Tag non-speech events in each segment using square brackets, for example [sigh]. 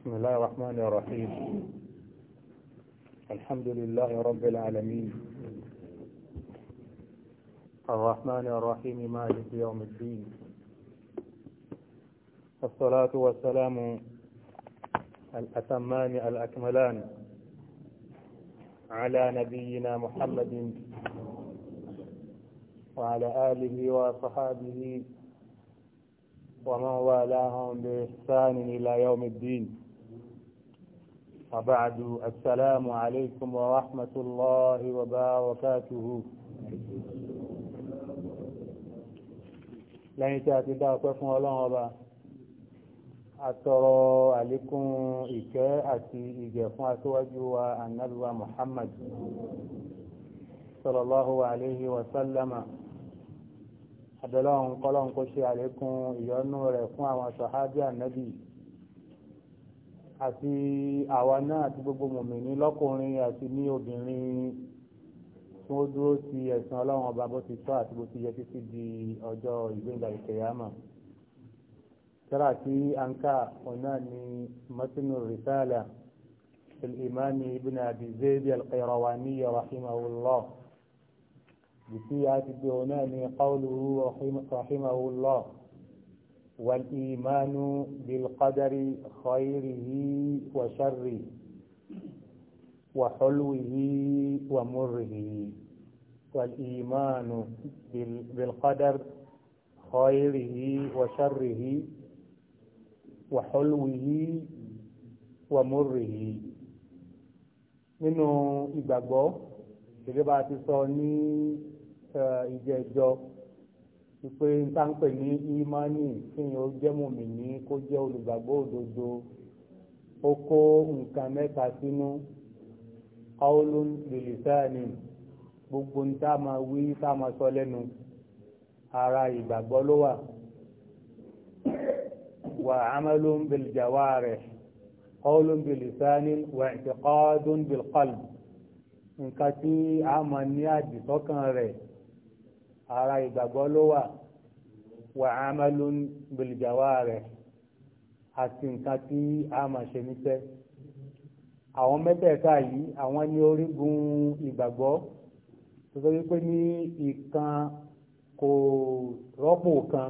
بسم الله الرحمن الرحيم الحمد لله رب العالمين الرحمن الرحيم مالك يوم الدين الصلاة والسلام الأتمان الأكملان على نبينا محمد وعلى آله وصحابه ومن والاهم بإحسان إلى يوم الدين وبعد السلام عليكم ورحمة الله وبركاته lẹ́yìn tí a ti dá ọpẹ́ fún ọlọ́run ọba àtọrọ àlékún ìkẹ́ àti ìgẹ̀ fún aṣíwájú wa annabiwa muhammad sallallahu alaihi wasallama àbẹ̀lọ́run kọ́lọ́run kó ṣe àlékún ìyọ́nú rẹ̀ fún àwọn sọ̀hábí annabi àti àwa náà àti gbogbo mòmìnì lọ́kùnrin àti ní obìnrin tí wọ́n dúró ti ẹ̀sìn ọlọ́run ọba bó ti tọ́ àti bó ti yẹ títí di ọjọ́ ìgbéǹda ìkẹyàmà tírà tí a ń kà ọ̀nà ni matinu risala الإمام ابن أبي زيد القيرواني رحمه الله بسيئة الدوناني قوله رحمه الله والإيمان بالقدر خيره وشره وحلوه ومره والإيمان بالقدر خيره وشره وحلوه ومره nínú ìgbàgbọ́ gẹ́gẹ́ bá a ti wípé táǹpẹ̀ ní ìmánì kíyàn ó jẹ́ mùmínì kó jẹ́ olùgbàgbọ́ òdodo ó kó nǹkan mẹ́ta sínú qawlun bilisani gbogbo ní tá máa wí tá máa sọ lẹ́nu ara ìgbàgbọ́ ló wà wa amalun biljawarih qawlun bilisani wa i'tiqadun bilqalb nǹkan tí a máa ní àdìsọ́kàn rẹ̀ ara ìgbàgbọ́ ló wà wà amalun bil jawarih àti nǹkan tí a máa ṣe níṣẹ́ àwọn mẹ́tẹ̀ẹ̀ta yìí àwọn ní orígun ìgbàgbọ́ tó sọ wípé ní ìkan kò rọ́pò kan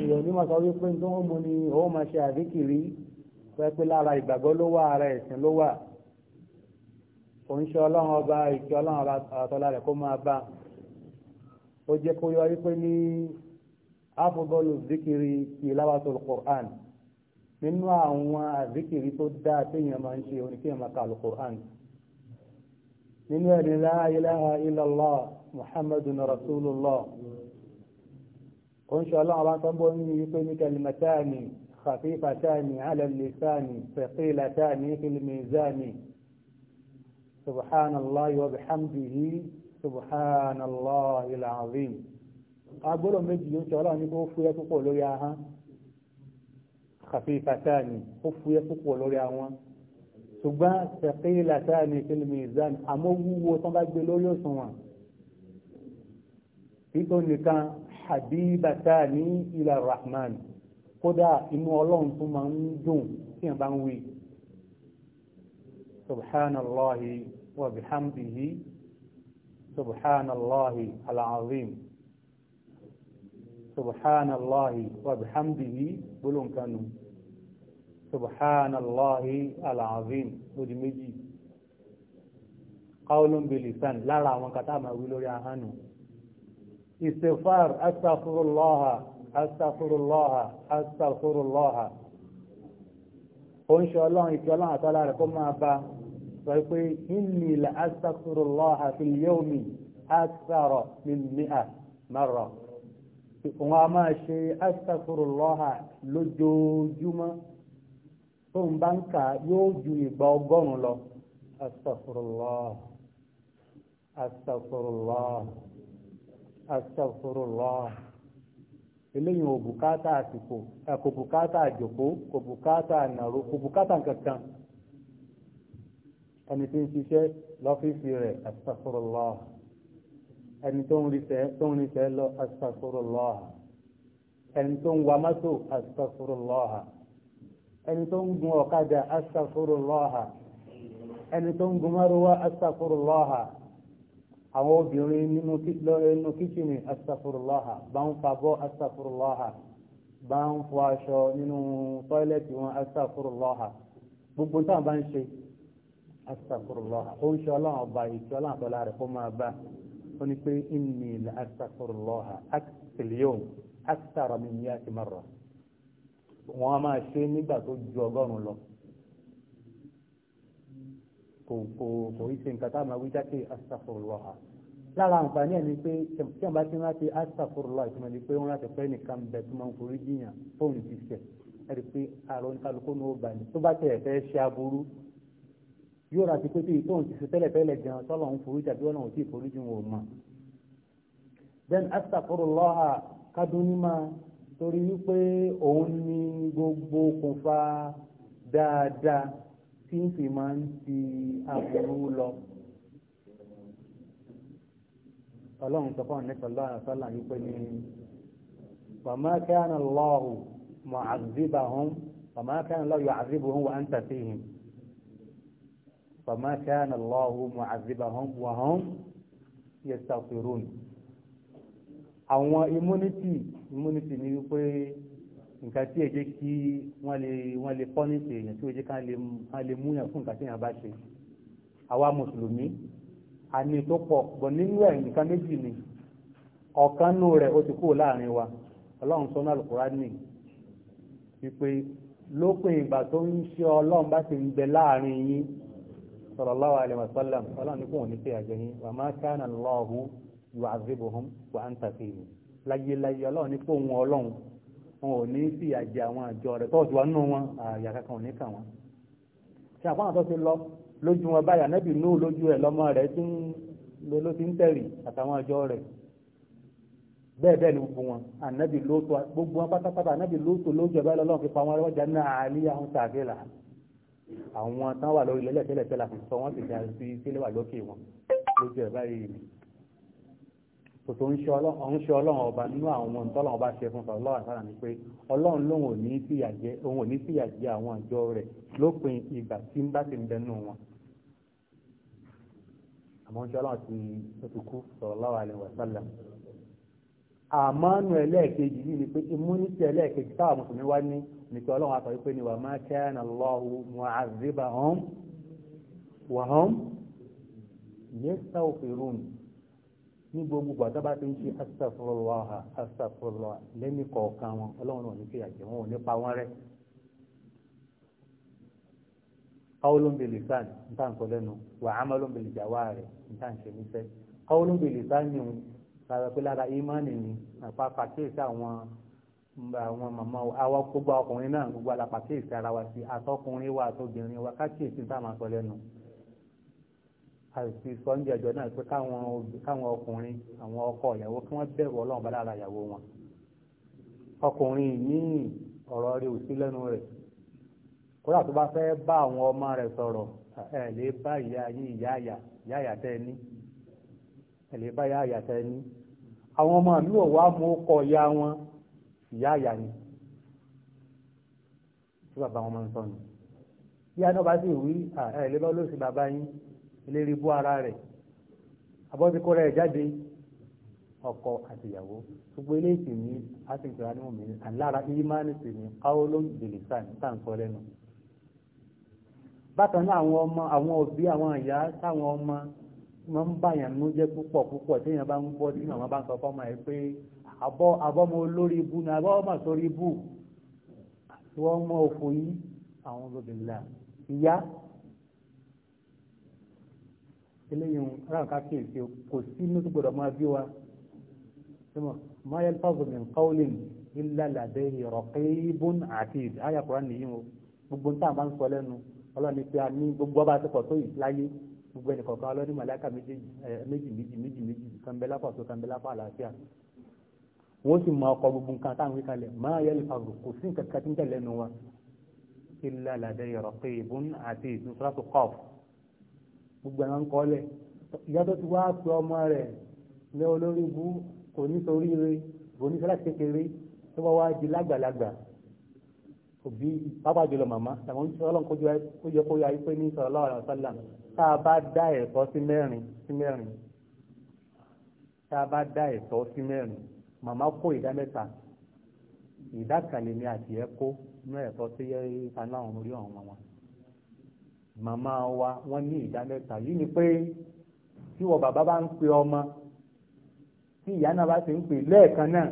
èèyàn ní máa sọ wípé tó ń mú ni ó máa ṣe àríkìrí pẹ́pẹ́ lára ìgbàgbọ́ ló wà ara ẹ̀sìn ló wà òun ṣe ọlọ́run ọba ìkí ọlọ́run àtọ́lá rẹ̀ kó máa bá a ó jẹ́ kó yọ wípé ní afdolu zikiri tilawatul Qur'an nínú àwọn àzikiri tó dáa téèyàn máa ń ṣe oníkéèyàn máa ka alukur'an nínú ẹni la ilaha illallah muhammadun rasulullah oúnjẹ ọlọ́run bá ń sọ́gbó ní wípé ní kalimatani khafifatani ala lisani thaqilatani fil wa bihamdihi subhanallahi alazim agbọ́dọ̀ méjì yóò ṣe ọlọ́run ní kó fúyẹ́ púpọ̀ lórí ahọ́n khafifatani ó fúyẹ́ púpọ̀ lórí àwọn ṣùgbọ́n thaqilatani fil mizan àmọ́ wúwo tán bá gbé lórí òṣùwọ̀n títò nìkan habibatani ila rahman kódà inú ọlọ́run سبحان الله العظيم سبحان الله وبحمده بلون كانوا سبحان الله العظيم ودمجي قول بلسان لا لا وان كتاما ويلوري اهانو استغفار استغفر الله استغفر الله استغفر الله ان شاء الله ان شاء الله تعالى كما با sọ pé inni la astaghfirullah fil yawmi akthara min mi'a marra òun a máa ṣe astaghfirullah lójoojúmọ́ tó ń bá ń kà yóò ju ìgbà ọgọ́rùn lọ astaghfirullah astaghfirullah astaghfirullah eléyìí kò bùkátà àjòkó kò bùkátà ànàró kò ẹni tí ń ṣiṣẹ́ lọ́fíìsì rẹ̀ astaghfirullah ẹni tó ń ríṣẹ́ lọ astaghfirullah ẹni tó ń wa mọ́tò astaghfirullah ẹni tó ń gun ọ̀kadà astaghfirullah ẹni tó ń gun márùwá astaghfirullah àwọn obìnrin nínú kíchìnì astaghfirullah bá ń fa bọ́ astaghfirullah bá ń fọ aṣọ nínú tọ́ílẹ̀tì wọn astaghfirullah gbogbo táwọn bá ń ṣe astaghfirullah ó ń ṣe ọlọ́run ọba ìṣe ọlọ́run àtọ́lá rẹ̀ kó máa bá ó ní pé inni la astaghfirullah àkìlíọ̀n akthara min mi'ati marra wọ́n á máa ṣe nígbà tó ju ọgọ́rùn-ún lọ kò kò kò í ṣe nǹkan tá a máa wí jáde astaghfirullah lára àǹfààní ẹ̀ ni pé tí àbá ti rántí astaghfirullah ìtumọ̀ ni pé wọ́n rántí pé nìkan bẹ̀ tó máa ń forí jiyàn fóònù ti ṣẹ̀ ẹ̀rí pé àrùn kálukú ní ó bá ní tó bá tẹ̀ fẹ́ ṣe aburú yóò ra ti pé tí ìtòhùn ti ṣe tẹ́lẹ̀tẹ́lẹ̀ gan sọ́lọ̀ ń forí tàbí ọ̀nà òtí ìforí ju wọn mọ̀. then astaghfirullah kádúnímà torí wípé òun ní gbogbo okùnfà dáadáa tí ń fi máa ń ti aburú lọ. ọlọ́run sọ fún ọ̀nẹ́sọ̀lá àṣálà wípé ní wàmá kana Allahu mu'azzibahum wàmá kana Allahu yu'azzibuhum wa anta fihim. فما كان الله معذبهم وهم يستغفرون àwọn immunity immunity ni wípé nǹkan tí èjé kí wọ́n lè wọ́n lè pọ́nìtì èèyàn tí ó jẹ́ ká lè múyàn fún nǹkan tí èèyàn bá ṣe àwa mùsùlùmí a ní tó pọ̀ bọ̀ nínú ẹ̀ nǹkan méjì ni ọ̀kan nù rẹ̀ ó ti kúrò láàrin wa ọlọ́run sọ́nà Al-Qur'ani wípé lópin ìgbà tó ń ṣe ọlọ́run bá ti ń bẹ láàrin yín sallallahu alaihi wasallam ọlọ́run ní kóhùn ní pé àjẹyìn wà má kana Allahu yu'adhibuhum wa anta fihim láyéláyé ọlọ́run ní kóhùn ọlọ́run wọn ò ní sí àjẹ àwọn àjọ rẹ̀ tọ́ọ̀tù wa nínú wọn àyà kankan ò ní kà wọn. ṣé àpá tó ti lọ lójú wọn báyà nẹ́bì nú lójú ẹ̀ lọ́mọ rẹ̀ tí ń ló ti ń tẹ̀rì àtàwọn àjọ rẹ̀ bẹ́ẹ̀ bẹ́ẹ̀ ni gbogbo wọn ànẹ́bì lóòtọ́ gbogbo wọn pátápátá ànẹ́bì lóòtọ́ lójú ẹ̀ fi pa wọn rẹ́wọ́jà náà àlíyá ń tàgé làá àwọn tán wà lórí lẹ́lẹ̀ tẹ́lẹ̀ tẹ́lẹ̀ àti sọ wọ́n sì fi àti sílẹ̀ wà lókè wọn lójú ẹ̀ báyìí ni tòtò ń ṣe ọlọ́run ọba nínú àwọn tọ́lọ́run ọba ṣe fún sọ̀rọ̀ lọ́wọ́ sára ni pé ọlọ́run lòun ò ní fìyà jẹ òun ò ní fìyà jẹ àwọn àjọ rẹ̀ lópin ìgbà tí ń bá ti ń bẹnu wọn àmọ́ ṣe ọlọ́run ti ti kú sọ̀rọ̀ lọ́wọ́ alẹ́ wàsálà àmọ́ nù ẹlẹ́ẹ̀kejì yìí ni pé imúnítì ẹlẹ́ẹ̀kejì táwọn mùsùlùmí wá ní nìkẹ́ ọlọ́run àtọ̀ wípé ni wà máa kana Allahu mu'azzibahum wa hum yastaghfirun ní gbogbo gbàtà bá ti ń ṣe astaghfirullah astaghfirullah lẹ́ni kọ̀ọ̀kan wọn ọlọ́run náà ní kí àjẹ́ wọn ò ní pa wọ́n rẹ́ qawlun bil lisan níta àwọn màmá àwọn gbogbo ọkùnrin náà gbogbo alápàtí ìfẹ́ ara wa sí àtọkùnrin wa àtọbìnrin wa kákìyèsí tá a máa sọ àti náà pé káwọn ọkùnrin àwọn ọkọ ìyàwó kí wọn bẹ̀rù ọlọ́run bá ìyàwó wọn ọkùnrin míì ọrọ rẹ̀ ò lẹnu rẹ kódà tó ọmọ sọrọ lè bá àyà ìyá àyà ní lè bá ìyá ìyá àyà ni tí bàbá wọn máa ń sọ nù bí àná bá sì wí ẹ lè bá olóòsì bàbá yín eléré bú ara rẹ̀ abọ́síkó rẹ̀ jáde ọkọ àti ìyàwó gbogbo ilé ìsìn ní asìnkìrá ní òmìnir àlára ìmáàní sì ní káwọ́lóhùn ìdèlèsà ní tàǹsọ lẹ́nu bákan náà àwọn ọmọ àwọn òbí àwọn ìyá táwọn ọmọ máa ń bàyàn nú jẹ́ púpọ̀ púpọ̀ téèyàn bá ń gbọ́ tí màmá bá ń sọ fọ́mọ ẹ pé àbọ́ àbọ́mọ olórí ibú ni àbọ́mọ sórí ibú tí wọ́n mọ òfò yìí àwọn olóbìnrin ìyá eléyìí ráhùn kákìyèsí kò sí inú tó gbọdọ̀ máa bí wa ma yalfazu min qawlin illa ladayhi raqibun atid àyà Kùránì nìyí o gbogbo nǹkan bá ń sọ lẹ́nu ọlọ́run ní pé a ní gbogbo ọba àti tó yìí láyé gbogbo ẹnì kọ̀ọ̀kan ọlọ́run ní màláìka méjì méjì méjì méjì kan bẹ lápá ọ̀tún kan bẹ lápá àlàáfíà wọ́n sì máa kọ gbogbo nǹkan táwọn wí kalẹ̀ máa yẹ lè farò kò sí nǹkan kan tí ń tẹ̀lé nu wa illa ladayhi raqibun àti ìsúnṣúrátù kọ́ọ̀f gbogbo ẹ̀rọ ń kọ́lẹ̀ ìyá tó ti wá pe ọmọ rẹ̀ lé olórí bú kò ní sórí rẹ̀ kò ní sọ́lá kékeré tó bá wá di lágbàlagbà òbí pápá jùlọ màmá làwọn ọlọ́run kó yẹ kó yọ ayé pé ní sallallahu alaihi wasallam tá màmá kó ìdá mẹ́ta ìdá kan lèmi àti ẹ kó ní ẹ̀tọ́ sí aláwọn orí ọ̀hún wọn màmá wa wọ́n ní ìdá mẹ́ta yìí ni pé tí wọ́n bàbá bá ń pe ọmọ tí ìyá náà bá ti ń pè lẹ́ẹ̀kan náà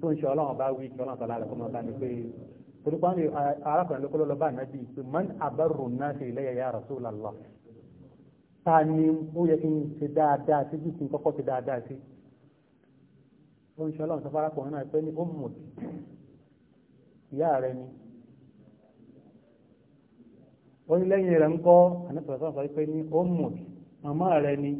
tó ń ṣe ọlọ́run bá wí ọlọ́run tọ́lá rẹ̀ fún ọba ni pé torípa ní arákùnrin lókọ́ lọ́lọ́ bá nàbí pé man àbárò náà ṣe ilé ẹ̀yà Rasulullah ta ni ó yẹ kí n ṣe dáadáa sí bí kí n kọ́kọ́ ṣe dáadáa sí ó ń ṣe ọlọ́run sọfárá pọ̀ náà pé ní ó ìyá rẹ ni ó ní lẹ́yìn rẹ̀ ń kọ́ ànípẹ̀sọ́ sọ pé ní ó mọ̀ màmá rẹ ni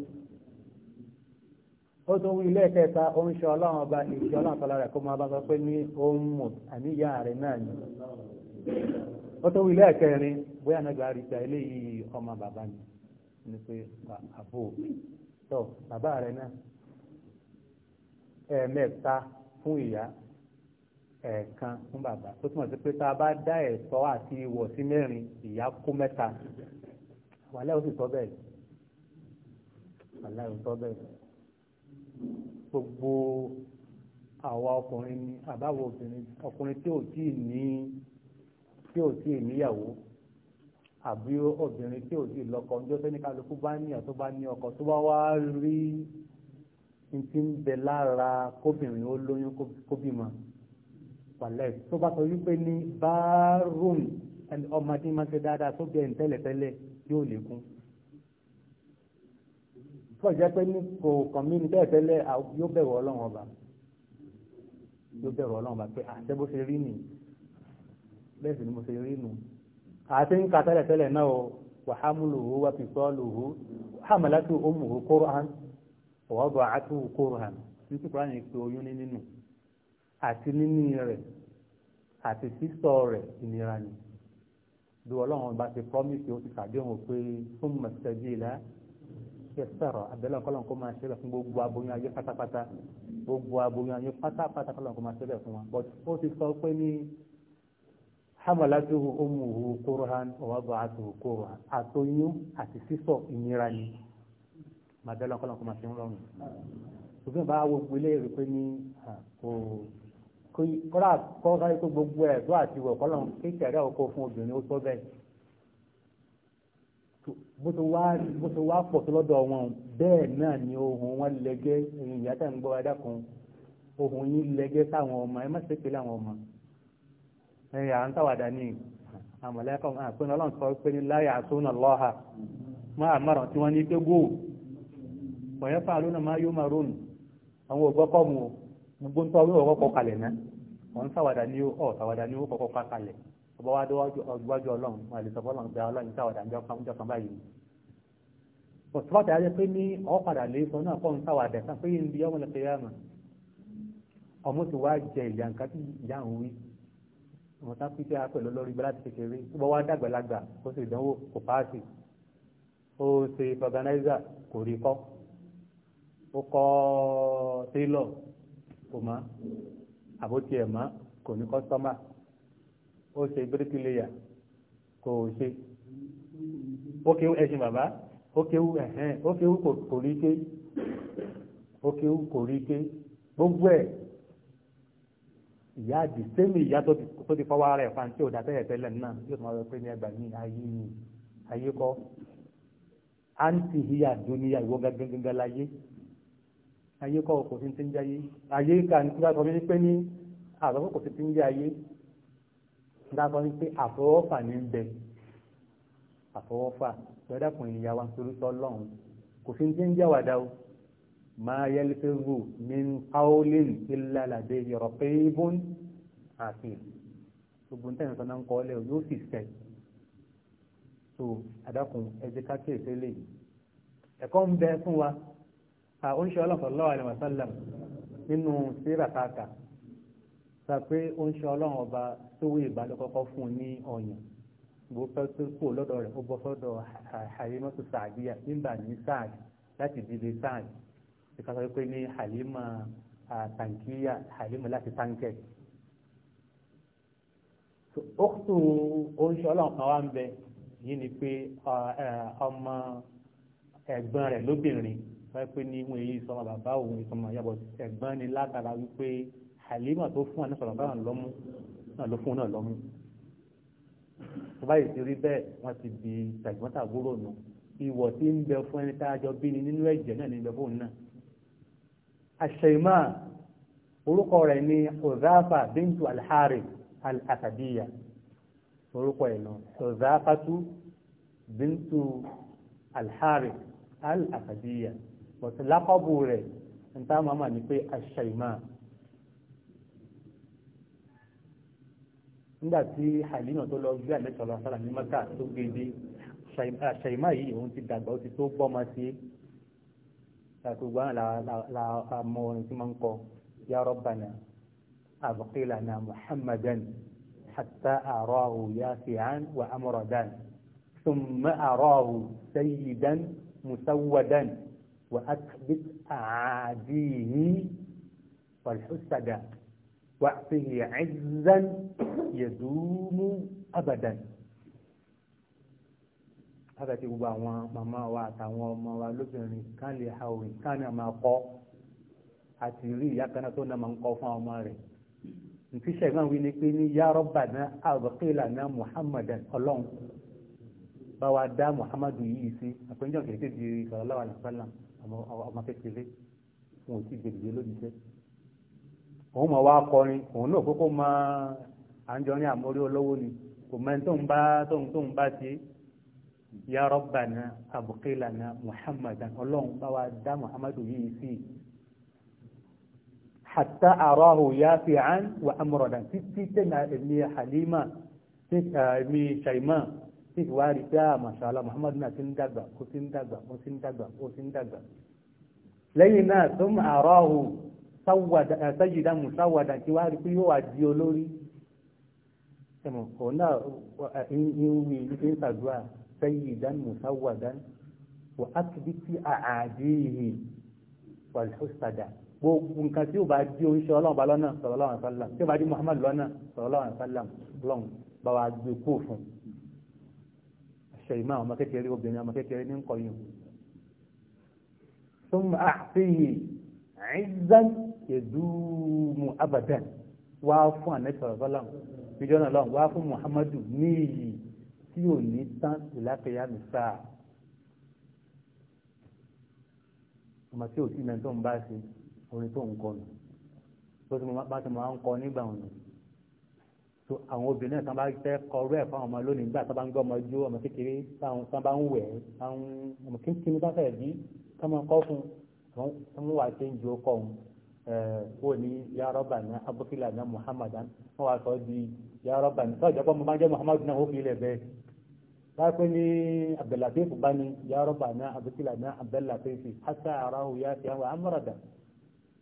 ó tún wí ilé ẹ̀kẹta ó ń ṣe ọlọ́run ọba ìṣe ọlọ́run tọ́lá rẹ̀ kó máa bá sọ pé ní ó mọ̀ àní ìyá rẹ náà ni ó tún wí ilé ẹ̀kẹrin bóyá nàgbà rí eléyìí ọmọ bàbá ni ni pé àbò tó bàbá rẹ náà ẹ̀ẹ̀mẹ́ta fún ìyá ẹ̀ẹ̀kan fún bàbá tó túmọ̀ sí pé tá a bá dá ẹ̀tọ́ àti ìwọ̀ sí mẹ́rin ìyá kó mẹ́ta wàhálà ó sì tọ́ bẹ́ẹ̀ wàhálà ó tọ́ bẹ́ẹ̀ gbogbo àwa ọkùnrin ni àbáwo obìnrin ọkùnrin tí ò tí ì ní tí ò tí ì níyàwó àbí obìnrin tí ò tí ì lọ́kọ ọjọ́ sẹ́ni kálukú bá ní ọ̀ bá ní ọkọ tó bá wá rí ti ń bẹ lára kóbìnrin ó lóyún kóbìmọ̀ pàlẹ́ tó bá sọ wípé ní báárùn ọmọdé máa ṣe dáadáa tó bẹ̀rẹ̀ tẹ́lẹ̀tẹ́lẹ̀ yóò lékún tó jẹ́ pé ní kò kàn mí ní tẹ́lẹ̀tẹ́lẹ̀ yóò bẹ̀rù ọlọ́run ọba yóò bẹ̀rù ọlọ́run ọba pé àṣẹ bó ṣe rí nì bẹ́ẹ̀ sì ni mo ṣe rí nù àti ń ka tẹ́lẹ̀tẹ́lẹ̀ náà wàhámùlùhù wàfìsọ́ọ̀lùhù hàmàlátù ó mùhù kóró àǹtí ọwọ́ bọ̀ àti kóran nítorí kóran yìí pé oyún ní nínú àti níní rẹ̀ àti sísọ rẹ̀ ìnira ni bí ọlọ́run bá ti promise ó ti ṣàdéhùn pé fún mọ̀sẹ̀jì ìlà ṣe sọ̀rọ̀ abẹ́lẹ̀ ọ̀kọ́lọ́n kó máa ṣẹlẹ̀ fún gbogbo aboyún ayé pátápátá gbogbo aboyún ayé pátápátá kọ́lọ́n kó máa ṣẹlẹ̀ fún wọn but ó ti sọ pé ní hamalatuhu umuhu kóran ọwọ́ bọ̀ àti kóran àtoyún àti sísọ ìnira ni máa bẹ́ẹ̀ lọ́kọ́ lọ́kọ́ máa fi ń rọrùn ṣùgbọ́n bá wo ilé rẹ pé ní kò kọ́lá kọ́ sáré pé gbogbo ẹ̀ tó àti wọ̀ kọ́lá kékeré ọkọ̀ fún obìnrin ó tọ́ bẹ́ẹ̀ bó ti wá pọ̀ tó lọ́dọ̀ wọn bẹ́ẹ̀ náà ni ohun wọn lẹ́gẹ́ ìyá tá ń gbọ́ adá kan ohun yín lẹ́gẹ́ sáwọn ọmọ ẹ má ṣe pé láwọn ọmọ ẹ̀yà ń tàwàdà ní àmọ̀lẹ́kọ̀ọ́ àpẹẹrẹ ọlọ́run sọ pé ní láyà àtúnà lọ́ha máa márùn tí wọ́n ní pé wọ̀nyẹ́ fà lónà máa yóò máa rónù àwọn ògbọ́kọ̀ mu gbogbo ń tọ́ lóòrọ̀ kọ́kọ́ kalẹ̀ náà wọ́n sàwádà ní ọ̀ sàwádà ní kọ́kọ́ pa kalẹ̀ ọba wa dé wájú ọlọ́run wọn àlè sọ́kọ́ ọlọ́run gba ọlọ́run sàwádà ní ọjọ́ báyìí òtúbàtà yájẹ́ pé ní ọ̀padà lè sọ náà fọ́n sàwádà sàn pé ń bi ọmọ lè fẹ́yà mà ọmọ ti wá jẹ ìyá nǹkan tí ìyá ń wí ọmọ tá pété á pẹ̀lú lórí gbẹ láti kékeré ọba wa ó kọ́ télọ̀ kò mọ́ àbótí ẹ̀ mọ́ kò ní kọ́sọ́mà ó ṣe bíríkìlẹ́yà kò ṣe ó kéwú ẹ̀sìn bàbá ó kéwú ẹ̀hẹ́n ó kéwú kò rí ké ó kéwú kò rí ké gbogbo ẹ̀ ìyá àdì sẹ́mi ìyá tó ti fọwọ́ ara ẹ̀ fa tí ò dá tẹ́lẹ̀ tẹ́lẹ̀ náà yóò tún wá lọ pé ní ẹgbàá ní ayé ayé kọ́ àǹtí ìyá àdúnyà ìwọ gángan gángan láyé ayé kọ́ kò sí ti ń jayé ayé ká ní tíwá sọ wípé ní àtọ́fọ́ kò sí ti ń jayé dákọ́ ní pé àfọwọ́fà ní ń bẹ àfọwọ́fà lọ́dàkùnrin ìyá wa torí sọ kò sí ti ń jáwàdà o máa yalfizu min qawlin illa ladayhi raqibun atid gbogbo ní tẹ̀sán náà ń kọ́ ọ́lẹ́ yóò sì sẹ̀ so àdàkùn ẹ̀jẹ̀ ká kéèké lè ẹ̀kọ́ ń bẹ fún wa oúnjẹ sallallahu alaihi wasallam nínú síra káàkà sọ pé oúnjẹ ọlọ́run ọba sówó ìbálòkọ́kọ́ fún un ní ọ̀yàn bó fẹ́ tó kó lọ́dọ̀ rẹ̀ ó bọ́ sọ́dọ̀ Halimatu Sa'diyya nígbà ní Sa'd láti dìde Sa'd ìkàtà wípé ní Halima tankiya Halima láti tankẹ̀. ókùtù oúnjẹ ọlọ́run kan wá ń bẹ yìí ni pé ọmọ ẹ̀gbọ́n rẹ̀ lóbìnrin wáyé pé ní wọn èyí sọmọ bàbá òun èyí sọmọ yàbọ ẹ̀gbọ́n ni látara wípé Halima tó fún àná sọmọ bàbá lọmú náà ló fún náà lọmú tó báyìí ti rí bẹ́ẹ̀ wọn ti di tàgbọ́ntàbúrò nù ìwọ tí ń bẹ fún ẹni tá a bí ni nínú ẹ̀jẹ̀ náà ní bẹ fóun náà àṣẹyìmá orúkọ rẹ̀ ní ọ̀záfà bíntu alhari al orúkọ ẹ̀ náà ọ̀záfàtú bíntu alhari al-asadiya. al al bọ̀tí lákọ́bù rẹ̀ níta màmá ni pé aṣàìmá nígbà tí Halima tó lọ gbé àlẹ́sọ̀rọ̀ sára ní mẹ́ta tó gbéde aṣàìmá yìí òun ti dàgbà ó ti tó bọ́mọ sí gbogbo àwọn làmọ orin tí máa ń kọ ya Rabbana abqi lana Muhammadan hatta arahu yafi'an wa amradan thumma arahu sayyidan musawwadan. وأثبت أعاديه والحسد وأعطه عزا يدوم أبدا هذا ti gbogbo àwọn màmá wa àtàwọn ọmọ wa lóbìnrin kan lè ha òwe kan náà máa kọ́ àti rí ìyá kan náà tó náà máa ń kọ́ fún àwọn ọmọ rẹ̀ ntíṣẹ́ náà wí ni pé ní yá Rabbana abqilana Muhammadan ọlọ́run bá wa dá Muhammadu yìí sí àpéjọ kìí tètè di sallallahu alaihi wasallam ọmọ kékeré wọn ò tí gbèdìgbè lójijẹ òun mọ̀ wá kọrin òun náà kókó mọ àjọrin àmórí olówó ni kò mẹ́ tó ń bá tó ń tó ń bá ṣe ya Rabbana abqilana Muhammadan ọlọ́run bá wa dá Muhammadu yìí sí i hatta arahu yafi'an wa amradan títí tẹ̀lé ẹ̀mí Halima ẹ̀mí Shaima tí ìwà rí pé àà ah, màṣàlá muhammadu náà ti ń dàgbà ó ti ń dàgbà ó ti ń dàgbà ó ti ń dàgbà lẹ́yìn náà tó ń àárọ̀ ọ̀hún sáyidá musáwàdà tí wá rí pé yóò wá di olórí ẹ̀mọ̀ kò náà ìwé eh, ní sàdúrà sáyidá musáwàdà wà á ti bí sí àádéhì wà lọ́sàdà gbogbo nǹkan tí ó bá di oúnjẹ ọlọ́run lọ́nà sallallahu alaihi ìmá ọmọ kékeré obìnrin ọmọ kékeré ní kọyìn tó ń àfihì àìzán yẹ̀dúmù abadan wá fún ànẹ́sọ̀rọ̀bọ́lọ́n fíjọ́nà lọ́n wá fún muhammadu ní iyì tí ò ní tán ìlàkẹyà nìsá ọmọ tí ò sí mẹ́tọ́ ń bá ṣe orin tó ń kọ nù tó ti máa ń kọ nígbà wọn nù so àwọn obìnrin náà tán bá fẹ́ kọrú ẹ̀ fáwọn ọmọ lónìí nígbà tán bá ń gbọ́ ọmọ ojú ọmọ kékeré tán bá ń wẹ̀ àwọn ọmọ kíkiri bá fẹ́ bí tán kọ́ fún tán wà ṣe ń ju ọkọ̀ òun ó ní ya ní abúkílà ní muhammadan wọ́n wá sọ di ya ní sọ́jọ́ pọ́ mo máa náà ó fi ilẹ̀ bẹ́ẹ̀ láàpẹ́ ní abdullatif bá ní ya ní abúkílà ní abdullatif hasa arahu ya àwọn amúradà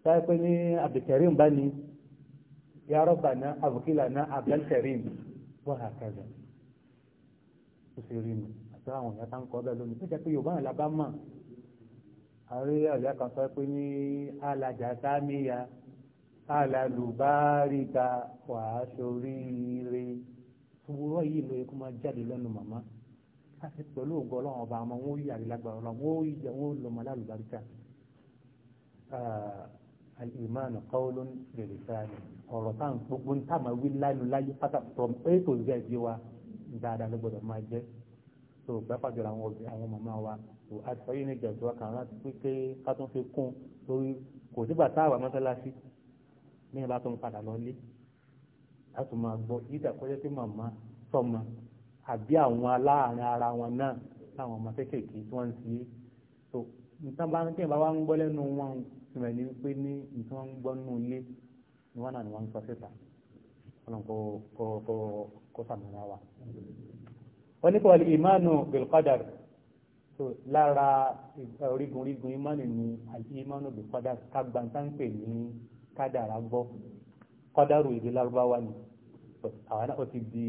láàpẹ́ ní abdulkarim bá ní يا ربنا أبقلنا عبد الكريم وهكذا òṣèré mi àti àwọn ìyá táǹkọ ọbẹ lónìí tó jẹ pé yorùbá àlá bá mọ àrí ọ̀yà kan sọ pé ní alájà sámíya alálùbáríta wà á soríire ṣùgbọ́n yìí ló yẹ kó máa jáde lẹ́nu màmá láti pẹ̀lú ògo ọlọ́run ọba àmọ́ wọn ó yí àrílágbára ọlọ́run wọn ó yí jẹ wọn ó lọ́mọ alálùbáríta al-iman qawlun bi lisani ọ̀rọ̀ táwọn gbogbo ń tàmà wí from a to z yé wa dáadáa ló gbọdọ̀ máa jẹ́ so gbàpàjọ àwọn obìnrin àwọn màmá wa so àtìfọ́ yìí ní ìjọ̀jọ́ wa kàn láti pé pé ká tún fi kún lórí kò sígbà táwa mọ́sálásí ní ìbá tó ń padà lọ́lé láti máa gbọ́ yídà kọ́jọ́ pé màmá sọ́mọ àbí àwọn aláàárín ara wọn náà láwọn so nǹkan bá ń tẹ̀ bá tìmọ̀ ní wípé ní nǹkan wọn ń gbọ́ nínú ilé ni wọn náà ni wọn ń sọ síta wọn kò kò kò kò sàmìnà wa. wọn ní kò wàlí ìmánu bilqadar so lára orígun orígun ìmánu ni àti ìmánu bilqadar kagbantánpè ní kádàrá gbọ́ kọ́dàrú èdè lárúbáwá ni àwọn náà ti di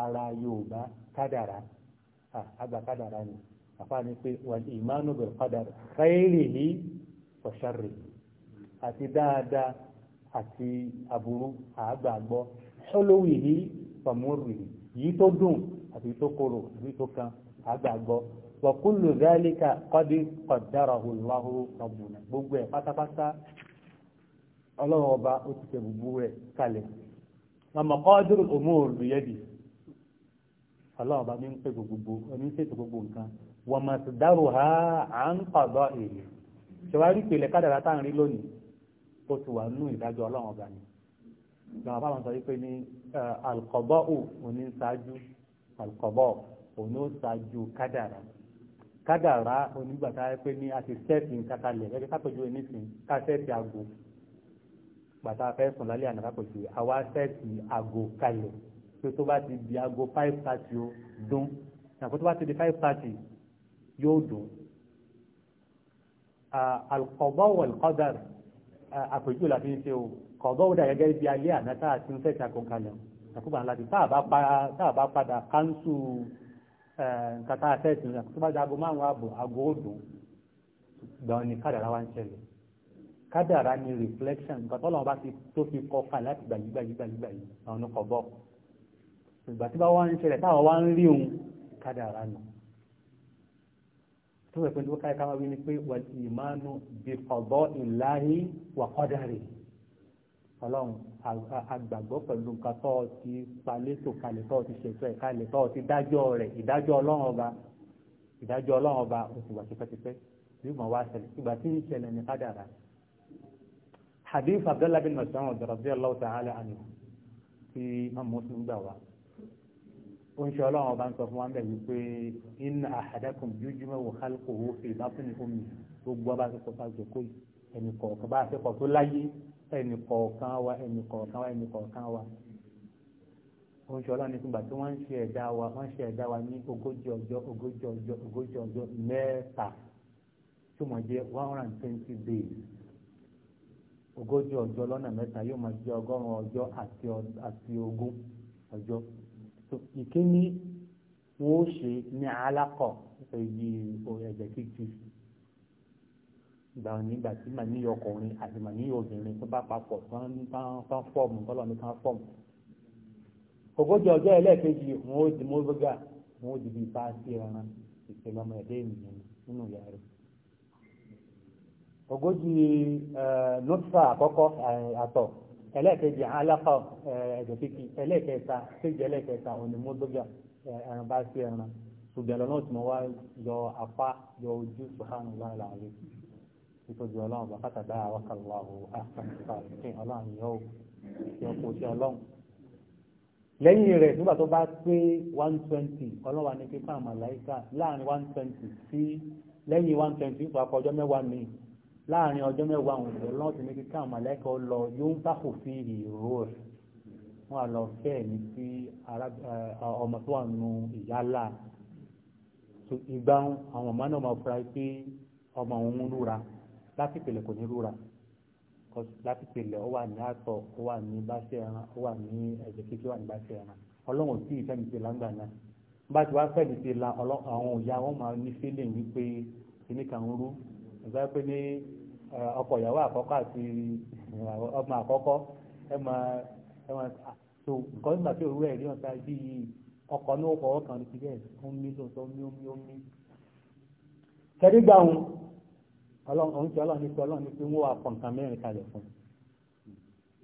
ara yorùbá kádàrá àgbà kádàrá ni àfa ni pé wàlí ìmánu bilqadar khairihi ọ̀ṣàrè àti dáadáa àti aburú àgbàgbọ́ ṣọ́lówì yìí pàmòrì yìí tó dùn àti tó korò àti tó kan àgbàgbọ́ wàkúlù zálíkà kọ́dí kọ̀dáràhù láhù ọ̀bùnà gbogbo ẹ̀ pátápátá ọlọ́run ọba ó ti tẹ gbogbo rẹ̀ kalẹ̀ ọmọkọ́dúrù òmùrù yẹ́dì ọlọ́run ọba ní ń pè gbogbo ṣèwárí ìpìlẹ̀ kádàrá tá à ń rí lónìí ó ti wà nínú ìdájọ́ ọlọ́run ọba ni ìjọba bá wọn sọ wípé ní alkọ̀bọ́ ò òní ń ṣáájú alkọ̀bọ́ òní ó ṣáájú kádàrá kádàrá onígbàtà pé ní a ti sẹ́ẹ̀tì nǹkan kalẹ̀ gẹ́gẹ́ kápẹ́jú oníṣìn ká sẹ́ẹ̀tì aago gbàtà fẹ́ sùn lálẹ́ àná kápẹ́jú àwa sẹ́ẹ̀tì aago kalẹ̀ pé tó bá ti di aago five thirty ó dún àpótí bá ti di five thirty yóò dún alqada wal qadar àpèjú láti ṣe o kọ̀ọ̀bọ̀ ó dà gẹ́gẹ́ bí alẹ́ àná tá a ti ń fẹ́ẹ̀ṣẹ̀ àkọkalẹ̀ àkóbá ńlá ti tá a bá padà kánṣu nǹkan tá a fẹ́ẹ̀ṣẹ̀ ní àkóbá jago márùn-ún ààbò aago òdùn gbọ́n ni kádàrá wa ń ṣẹlẹ̀ kádàrá ni reflection nǹkan tó lọ́wọ́ bá ti tó fi kọ́ fà láti gbàyí gbàyí gbàyí gbàyí àwọn ọ̀nà kọ̀ọ̀bọ̀ ìgbà tí bá wá ń ṣẹlẹ̀ táwọn wá ń rí òun kádàrá nù tó rẹ̀ pẹ̀lú káyíká máa wí ni pé wà ìmánu bí ọ̀bọ ìláyé wà kọ́dàrí ọlọ́run agbàgbọ́ pẹ̀lú nǹkan tó ti palẹ́tò kalẹ̀ tó ti ṣètò ẹ̀ kalẹ̀ tó ti dájọ́ rẹ̀ ìdájọ́ ọlọ́run ọba ìdájọ́ ọlọ́run tipẹ́tipẹ́ bí mo wá ṣẹlẹ̀ ìgbà tí ń ṣẹlẹ̀ ní kádàrà hadith abdullahi bin mas'ud radiyallahu ta'ala anhu tí imam muslim gbà wá oúnjẹ ọlọ́run ọba ń sọ fún wa ń bẹ̀ wípé inna ahadakum yujma'u khalquhu fi batni ummi gbogbo ọba tó kọta jòkó yìí ẹnì kọ̀ọ̀kan bá àṣepọ̀ tó láyé ẹnì kọ̀ọ̀kan wa ẹnì kọ̀ọ̀kan wa ẹnì kọ̀ọ̀kan wa oúnjẹ ọlọ́run ní fúngbà tí wọ́n ń ṣe ẹ̀dá wa wọ́n ń ṣe ẹ̀dá wa ní ogójì ọjọ́ ogójì ọjọ́ ogójì ọjọ́ mẹ́ta tó mọ̀ jẹ́ one hundred and twenty days ogójì ọjọ́ lọ́nà mẹ́ta yóò máa jẹ́ ọgọ́rùn-ún ọjọ́ àti ogún ọjọ́ ìkíní wọn ó ṣe ní alákọ̀ èyí ẹ̀jẹ̀ kíkì ìgbà nígbà tí màá ní ọkùnrin àti màá ní obìnrin tó bá papọ̀ tán fọ́ọ̀mù tọ́lọ̀ ní tán fọ́ọ̀mù ogójì ọjọ́ ẹlẹ́ẹ̀kejì wọn ó di mọ́gbẹ́gà wọn ó di bíi páàsì ẹran ìpele ọmọ ẹ̀dẹ́ ènìyàn nínú ìyá rẹ̀ ogójì nọ́tìfà àkọ́kọ́ àtọ̀ ẹlẹ́ẹ̀kejì alákọ eh, ẹ̀jẹ̀ kíkì ẹlẹ́ẹ̀kẹta kéjì ẹlẹ́ẹ̀kẹta òní mọ́tògà eh, ẹran bá sí ẹran ṣùgbọ́n lọ́nà tí mo wá yọ apá yọ ojú sùhánù láàlá rẹ̀ ìtọ́jú ọlọ́run bá kàtà dáa wákà lọ́wọ́ àfẹnusà kí ọlọ́run yọ ò yọ kò sí ọlọ́run. lẹ́yìn rẹ̀ nígbà tó bá pé one twenty ọlọ́wà ní pípa àmàlà ìka láàrin one twenty sí lẹ́yìn one twenty nípa ọjọ́ mẹ́wàá mi láàrin ọjọ́ mẹ́wàá àwọn ìlú lọ́tí ní kíkà mọ̀lẹ́kọ̀ lọ yóò ń sáfò sí ìró rẹ̀ wọ́n lọ fẹ́ ní sí ọmọ tó wà nù ìyálà ìgbà àwọn ọmọ náà máa fura pé ọmọ òun rúra láti pèlè kò ní rúra láti pèlè ó wà ní àtọ̀ ó wà ní báṣẹ ẹran ó wà ní ẹ̀jẹ̀ kíkí ó wà ní báṣẹ ẹran ọlọ́run tí ìfẹ́ mi ti la ń gbà náà bá ti wá fẹ́ mi ti la àwọn òyà wọn máa ní nígbà pé ní ọkọ ìyàwó àkọ́kọ́ àti ọmọ àkọ́kọ́ ẹ máa ẹ máa tó nǹkan nígbà tí òwúrọ̀ ẹ̀rí ọ̀sá bí ọkọ̀ náà fọwọ́ kan ti bẹ́ẹ̀ ó ń mí lóòótọ́ ó ń mí ó ń mí ó ń mí. kẹ́rí gbà wọn ọlọ́run ti ọlọ́run ní pé ọlọ́run ní pé wọ́n wà pọ̀ nǹkan mẹ́rin kalẹ̀ fún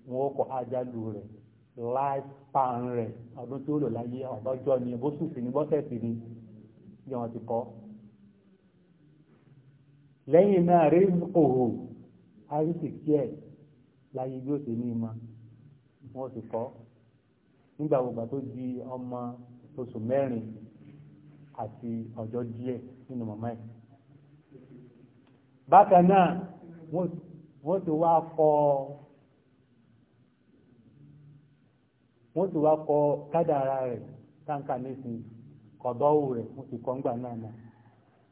un wọ́n kọ ajálu rẹ̀ láìpàn rẹ̀ ọdún tó lò láyé ọ̀dọ́jọ́ ni bó sùn sí ni bọ́sẹ̀ sí ni bí wọ́n ti kọ́ lẹ́yìn náà rizquhu arísìkí ẹ̀ láyé bí ó ṣe ní ìmọ̀ wọ́n kọ́ di ọmọ oṣù mẹ́rin àti ọjọ́ díẹ̀ nínú màmá ẹ̀. bákan náà wọ́n ti wá kọ wọ́n ti wá kọ kádàrá rẹ̀ táǹkà nísìnyí kọ̀dọ́wù rẹ̀ wọ́n ti kọ́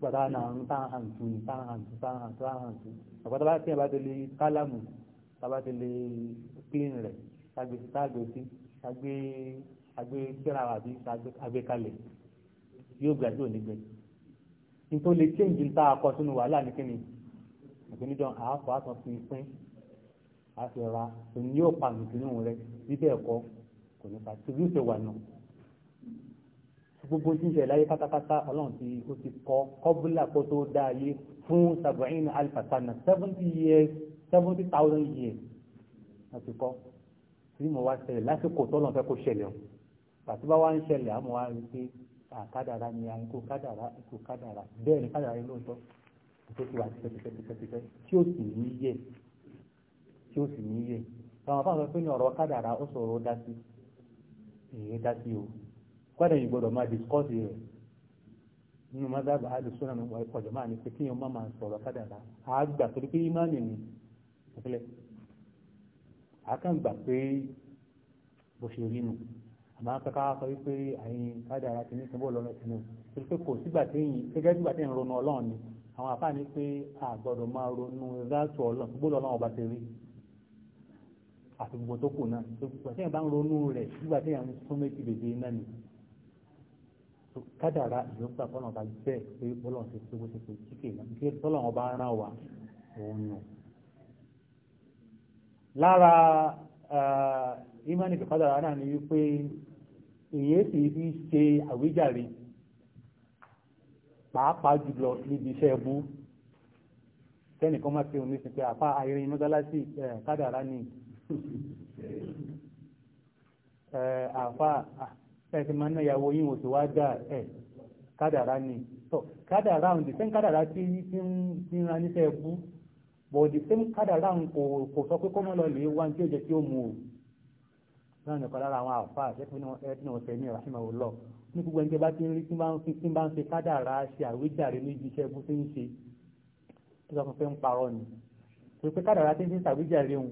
gbàtà náà ń tán àǹtù ní tán àǹtù tán àǹtù tán àǹtù àgbàtà bá tiẹ̀ bá ti lè kálàmù tàbá ti lè clean rẹ̀ tàgbé sí tàgbé sí tàgbé àgbé kíra àbí tàgbé kalẹ̀ yóò gbà yóò ní gbẹ. nítorí lè change ní tá a kọ sínú wàhálà ní kíni ìpínlẹ̀ àáfọ̀ àtàn fi pín àti ra òun yóò pa nìkíní òun bíbẹ̀ ẹ̀kọ́ kò ní pa tìbí ìṣèwà náà gbogbo tí ń ṣe láyé pátápátá ọlọ́run ti ó ti kọ́ kọ́bùlà kó tó dá ayé fún sabaina alifasana seventy years seventy thousand years láti kọ́ tí mo wá ṣẹlẹ̀ lásìkò tọ́lọ̀ fẹ́ kó ṣẹlẹ̀ o pàtó bá wá ń ṣẹlẹ̀ àmọ́ wá rí pé kádàrá ni a ikú kádàrá ikú kádàrá bẹ́ẹ̀ ni kádàrá yìí lóòótọ́ tó ti wà tipẹ́tipẹ́tipẹ́ tí ó sì ní yẹ tí ó sì ní yẹ àwọn afáàfẹ́ pé ní ọ̀rọ̀ kádàrá ó sọ̀rọ̀ dá sí èyí dá sí o. kọ́dà yìí gbọ́dọ̀ máa discourse rẹ̀ nínú mọ́sáàbà alùsùnà ọ̀jọ̀ máa ní pé kí wọ́n máa sọ̀rọ̀ torí pé ni pé bó ṣe rí nù àmọ́ akẹ́kọ̀ọ́ wípé àyìn ti ní sanwó lọ́nà torí pé kò sígbà gẹ́gẹ́ ronú ọlọ́run ni àwọn pé a gbọ́dọ̀ máa ronú záàtù ọlọ́run gbogbo ọlọ́run ọba ti rí àti gbogbo tó kù náà tó bá ń ronú rẹ̀ sígbà ń kádàrá ìyókùtà tọ́nà ọba bẹ́ẹ̀ pé bọ́lọ̀n ti pé bó ti pé kíkè náà kí bọ́lọ̀n ọba rán wa òun nù. lára ìmánì kádàrá náà ni wípé èyí sì fi ṣe àwíjàre pàápàá jùlọ níbi iṣẹ́ ẹbú tẹ́nìkan máa fi omi sí pé àfa ayẹyẹ mọ́sálásí kádàrá ni [laughs] àfa ẹ̀sì máa ná ìyàwó yìí wò sí wá dà ẹ̀ kádàrá ni tọ́ kádàrá ń dìsẹ́ kádàrá tí ń ra níṣẹ́ ẹbú bọ̀ dìsẹ́ kádàrá ń kò sọ pé kọ́mọ́ lọ lè wá tí ó jẹ́ tí ó mú o náà nìkan lára àwọn àfáà ẹ̀sìn ọ̀sẹ̀ ní rahimahullah ní gbogbo ẹni tí bá ti ń rí tí bá ń ṣe kádàrá ṣe àwíjàre níbi iṣẹ́ ẹbú tí ń ṣe tó sọ fún pé ń parọ́ ni tó pé kádàrá tí ń ṣe àwíjàre òun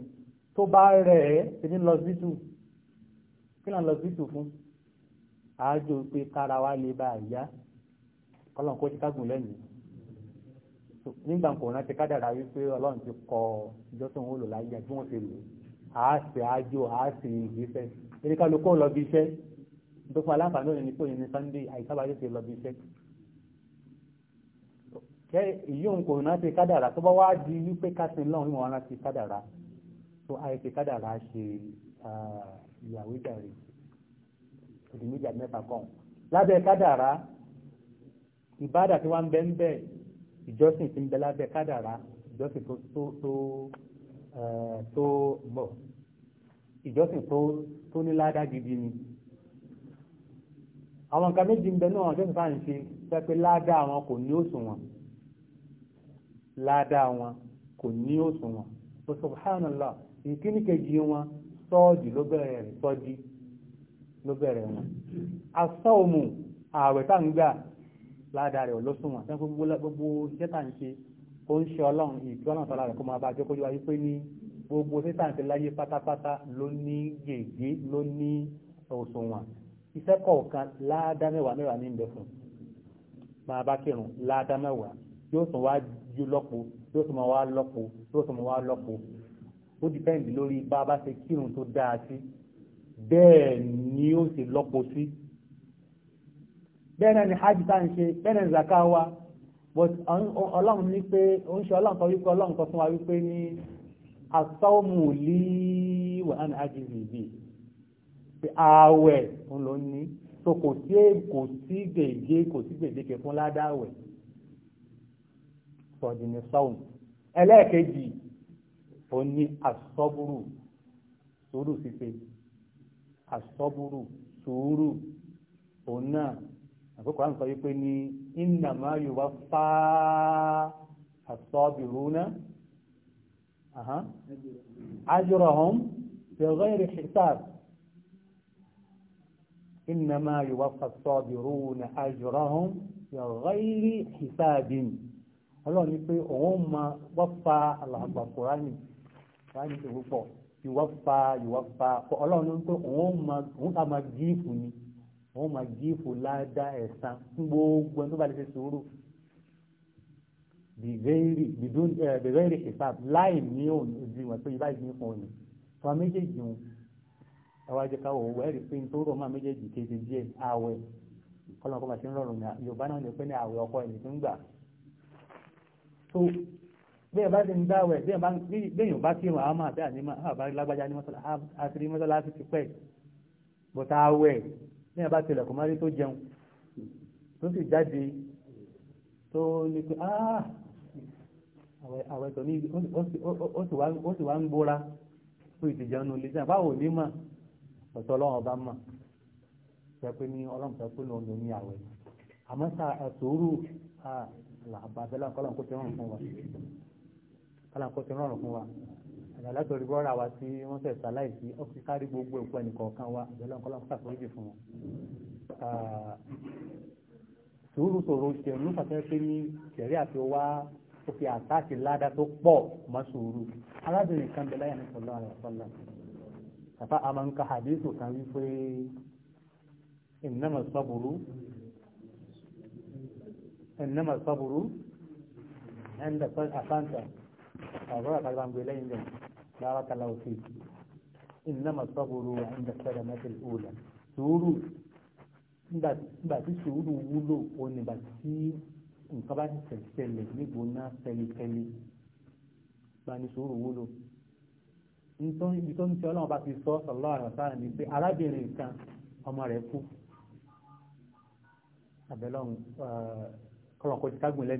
tó bá rẹ̀ ẹ́ ti ní lọ sí tù kí náà lọ sí tù fún àájò pé kára wá lè bá àyá ọlọ́run kó ti kágùn lẹ́yìn nígbà kò rántí kádàrà wípé ọlọ́run ti kọ ìjọ tó ń wò lò láyé bí wọ́n ti lò àásì àájò àásì ìgbésẹ̀ eré kálukú lọ bí iṣẹ́ tó fún aláǹfààní òní ní pòyìn ní sunday àìsábà yóò ti lọ bí iṣẹ́ kẹ èyí òun kò rántí kádàrà tó bá wá di wípé kásin lọ́run ìwọ̀n rántí kádàrà tó àìsí kádàrà ṣe ah, ìyàwó ìdàrí òdì méjì àti mẹ́ta kan lábẹ́ kádàrá ìbádà tí wọ́n ń bẹ ń bẹ ìjọsìn tí ń bẹ lábẹ́ kádàrá ìjọsìn tó tó tó tó bọ̀ ìjọsìn tó tó ní ládá gidi ni àwọn nǹkan méjì ń bẹ náà ìjọsìn fáà ń ṣe fẹ́ pé ládá wọn kò ní òṣùwọ̀n ládá wọn kò ní òṣùwọ̀n subhanallah ìkíníkejì wọn sọ́ọ̀dì ló bẹ̀rẹ̀ rẹ̀ sọ́ọ̀dì. So ló bẹ̀rẹ̀ wọn asọ́ọ̀mù ààwẹ̀ tá ń gbà ládàá rẹ̀ lọ́sùnwọ̀n tán gbogbo iṣẹ́ tá ń ṣe ó ń ṣe ọlọ́run ìtú ọlọ́run tọ́lá rẹ̀ kó máa bá a jókòó wáyé pé ní gbogbo iṣẹ́ tá ń ṣe láyé pátápátá ló ní gègé ló ní òṣùwọ̀n iṣẹ́ kọ̀ọ̀kan ládàá mẹ́wàá mẹ́wàá ní ìbẹ̀fùn máa bá kírun ládàá mẹ́wàá yóò tún wá ju lọ́pọ̀ yóò tún máa wá lọ́pọ̀ yóò tún máa wá lọ́pọ̀ ó dìpẹ́ǹdì lórí bá a bá ṣe kírun tó dáa sí bẹ́ẹ̀ ni ó sì lọ́pọ̀ sí bẹ́ẹ̀ náà ni hajj tá ń ṣe bẹ́ẹ̀ náà zaka wa but ọlọ́run ní pé ó ń ṣe ọlọ́run kan wípé ọlọ́run kan fún wa wípé ní asọ́ọ̀mù lí wà ní hajj bìbì pé ààwẹ̀ ń lò ní so kò sí kò sí gègé kò sí gbèdéke fún ládàáwẹ̀ sọ̀dì ní sọ́ọ̀mù ẹlẹ́ẹ̀kejì ó ní asọ́bùrù sùúrù ṣíṣe asọ́búrú sùúrù òun náà àkókò àwọn sọ wípé ní innama yuwaffa as-sabiruna ajrahum bighayri hisab innama yuwaffa as-sabiruna ajrahum bighayri hisabin ọlọ́run ní pé òun ma wọ́n fa àlàgbà kùránì tó púpọ̀ ìwọ́ fa ìwọ́ fa ọlọ́run ló ń pé òun ká máa gíìfù ni òun máa gíìfù ládá ẹ̀sán fún gbogbo ẹni tó bá lè ṣe sùúrù bìbẹ́rì eh, ìfàb láì ní òdì wọn pé ibà ìgbín fún òní wọn méjèèjì wọn ẹwà jẹ káwọ òwò ẹrí pé nítorí ọmọ méjèèjì kéde díẹ̀ ààwẹ̀ kọlọńkọ màá ti ń rọrùn ní yorùbá náà ní pé ní ààwẹ̀ ọkọ ẹni tó ń gbà bẹ́ẹ̀ bá ti ń dáwẹ̀ bẹ́ẹ̀ bá kí wọn àmà àti àníma àbá lágbájá ní àtìrí mọ́sálásí ti pẹ́ bọ̀tà awẹ̀ bẹ́ẹ̀ bá tilẹ̀ kò má rí tó jẹun tó sì jáde tó ní pé ah àwẹ̀ tó ní ó sì wá ń gbóra fún ìtìjẹun ní olùjẹun báwo ní mà ọ̀tọ̀ ọlọ́run ọba mà sọ pé ní ọlọ́run sọ pé ní ní àwẹ̀ àmọ́ sà ẹ̀sọ́rù àbàbẹ́lá kọ́lọ́n kálá kó ti rọrùn fún wa àgbàlá tó rí bọ́ra wa tí wọ́n fẹ́ sàláìsí ọ́fíìsì gbogbo ẹ̀kọ́ ẹnìkọ̀ọ̀kan wa àgbàlá ọ̀kọ́lá ń sàkóríjì fún wọn. sùúrù sòrò ṣẹ̀rù pàtẹ́ pé ní ṣẹ̀rí àti wá ó fi àtàkì ládá tó pọ̀ mọ́ sùúrù arábìnrin kan bẹ láyà ní sọ̀lá rẹ̀ sọ́lá tàbá a máa ń ka hadith kan wípé ìnáma sọ́bùrú ìnáma sọ́bùrú ẹ̀ ń dàpọ̀ àfáǹtà àbúrò àtàgbà ń gbé lẹ́yìn lẹ́yìn lára kala òfin ìnáma sọ́bùrù àìndà sẹ́dà mẹ́tẹ̀lì òòlà sùúrù nígbà tí sùúrù wúlò ó nígbà tí nǹkan bá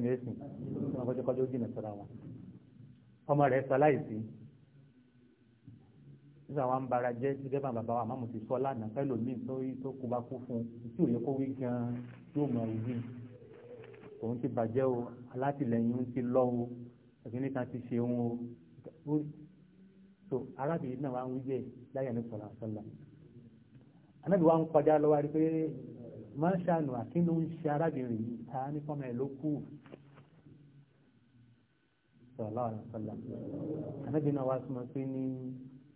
ti ní ọmọ rẹ̀ ṣaláìsí nígbà wọn bara jẹ́ gẹ́gẹ́ bá bàbá wa àmọ́ ti sọ lánàá pẹ́lú mi tó kú bá kú fún un tí ò yẹ kó wí gan-an yóò mọ ìwí òun ti bàjẹ́ o alátìlẹyìn ń ti lọ o ẹ̀gbìn nìkan ti ṣe òun o so arábìnrin náà wá ń wí jẹ́ láyé ní sọ̀rọ̀ àṣọlá anábì wa ń kọjá lọ́wọ́ rí pé máa ń ṣàánú àkínú ń ṣe arábìnrin yìí ta ní fọ́mọ ẹ̀ ló kù sallallahu alaihi wasallam ànábì náà wá súnmọ́ pé ní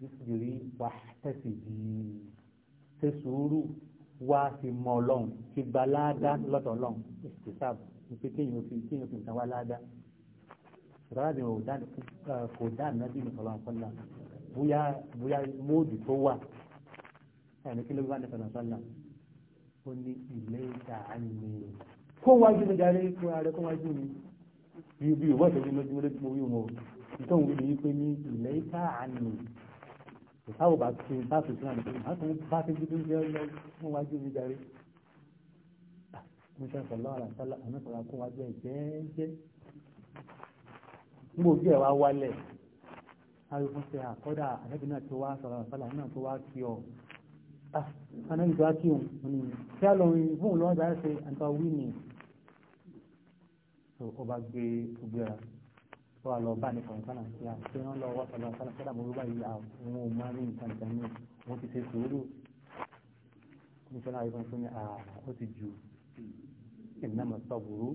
ìsìlè wà tẹ̀sí di ṣe sùúrù wá fi mọ ọlọ́run fi gba láàdá lọ́dọ̀ ọlọ́run ìsìtìsáàbù nípe kéèyàn fi kéèyàn fi nǹkan wá láàdá ìrọ̀lábì kò dá ànábì ní sallallahu alaihi wasallam bóyá bóyá móòdù tó wà ẹ̀mí kí ló bá ní sallallahu alaihi ó ní ilé ìta àmì kó wájú mi darí kó wájú mi bí bí o bá tẹ̀lé lójúmọ́ mo? wí wọn o ìtọ́ òun ni pé ní ilẹ̀ ìta àmì ìsáwò bá ti bá fi sílẹ̀ nípa ìgbà tó ń bá ti gbé jẹ́ lọ fún wájú mi darí. Ah, mo ṣe sọ̀lọ́ àrà sálà àmì sọ̀rọ̀ kó wájú ẹ̀ jẹ́ẹ́jẹ́. níbo bí ẹ̀ wá wálẹ̀ láti fún ṣe àkọ́dà àdẹ́bí náà tó wá sọ̀rọ̀ sálà náà tó wá kí ọ. Ah, àná ìjọ kí òun ní kí á lọ rìn fóun lọ́wọ́ ọba gbé gbéra ó wà lọ bá ní kọ̀ǹtánà sí à pé wọ́n lọ wọ́n sọ̀rọ̀ sọ́nà sọ́dà mọ́rú báyìí àwọn ò máa rí nǹkan ìjà náà wọ́n ti ṣe sòwúrò nítorí àwọn ìfọ̀n ní ó ti ju ìnáma sọ̀bùrú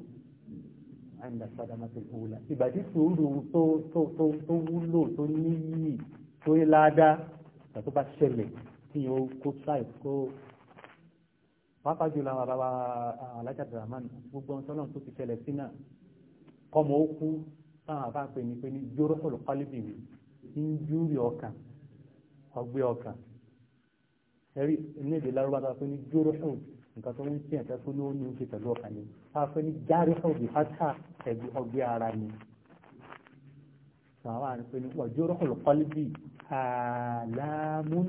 àìndà sọ́dà má ti wúlà ìgbà tí sòwúrò tó wúlò tó níyì tó ní ládàá ìgbà tó bá ṣẹlẹ̀ tí yóò kó pàápàá jùlọ àwọn bàbá alájà dramani gbogbo ohun tọ́lọ́n tó ti tẹ̀lẹ̀ sí náà kọ́mọ ó kú táwọn àbá pè ní pé ní jóròfòlù kọ́líbì ní júùrì ọkàn ọgbẹ́ ọkàn ẹ̀rí ní èdè lárúbáwá tó pé ní jóròfòlù nǹkan tó ń tí ẹ̀fẹ́ fún ló ní oṣù pẹ̀lú ọkàn ni táwọn fẹ́ ní járòfòlù fátà ẹ̀bí ọgbẹ́ ara ni sàwọn àrùn pé ní wọ́n jóròfòlù kọ́líbì àlámún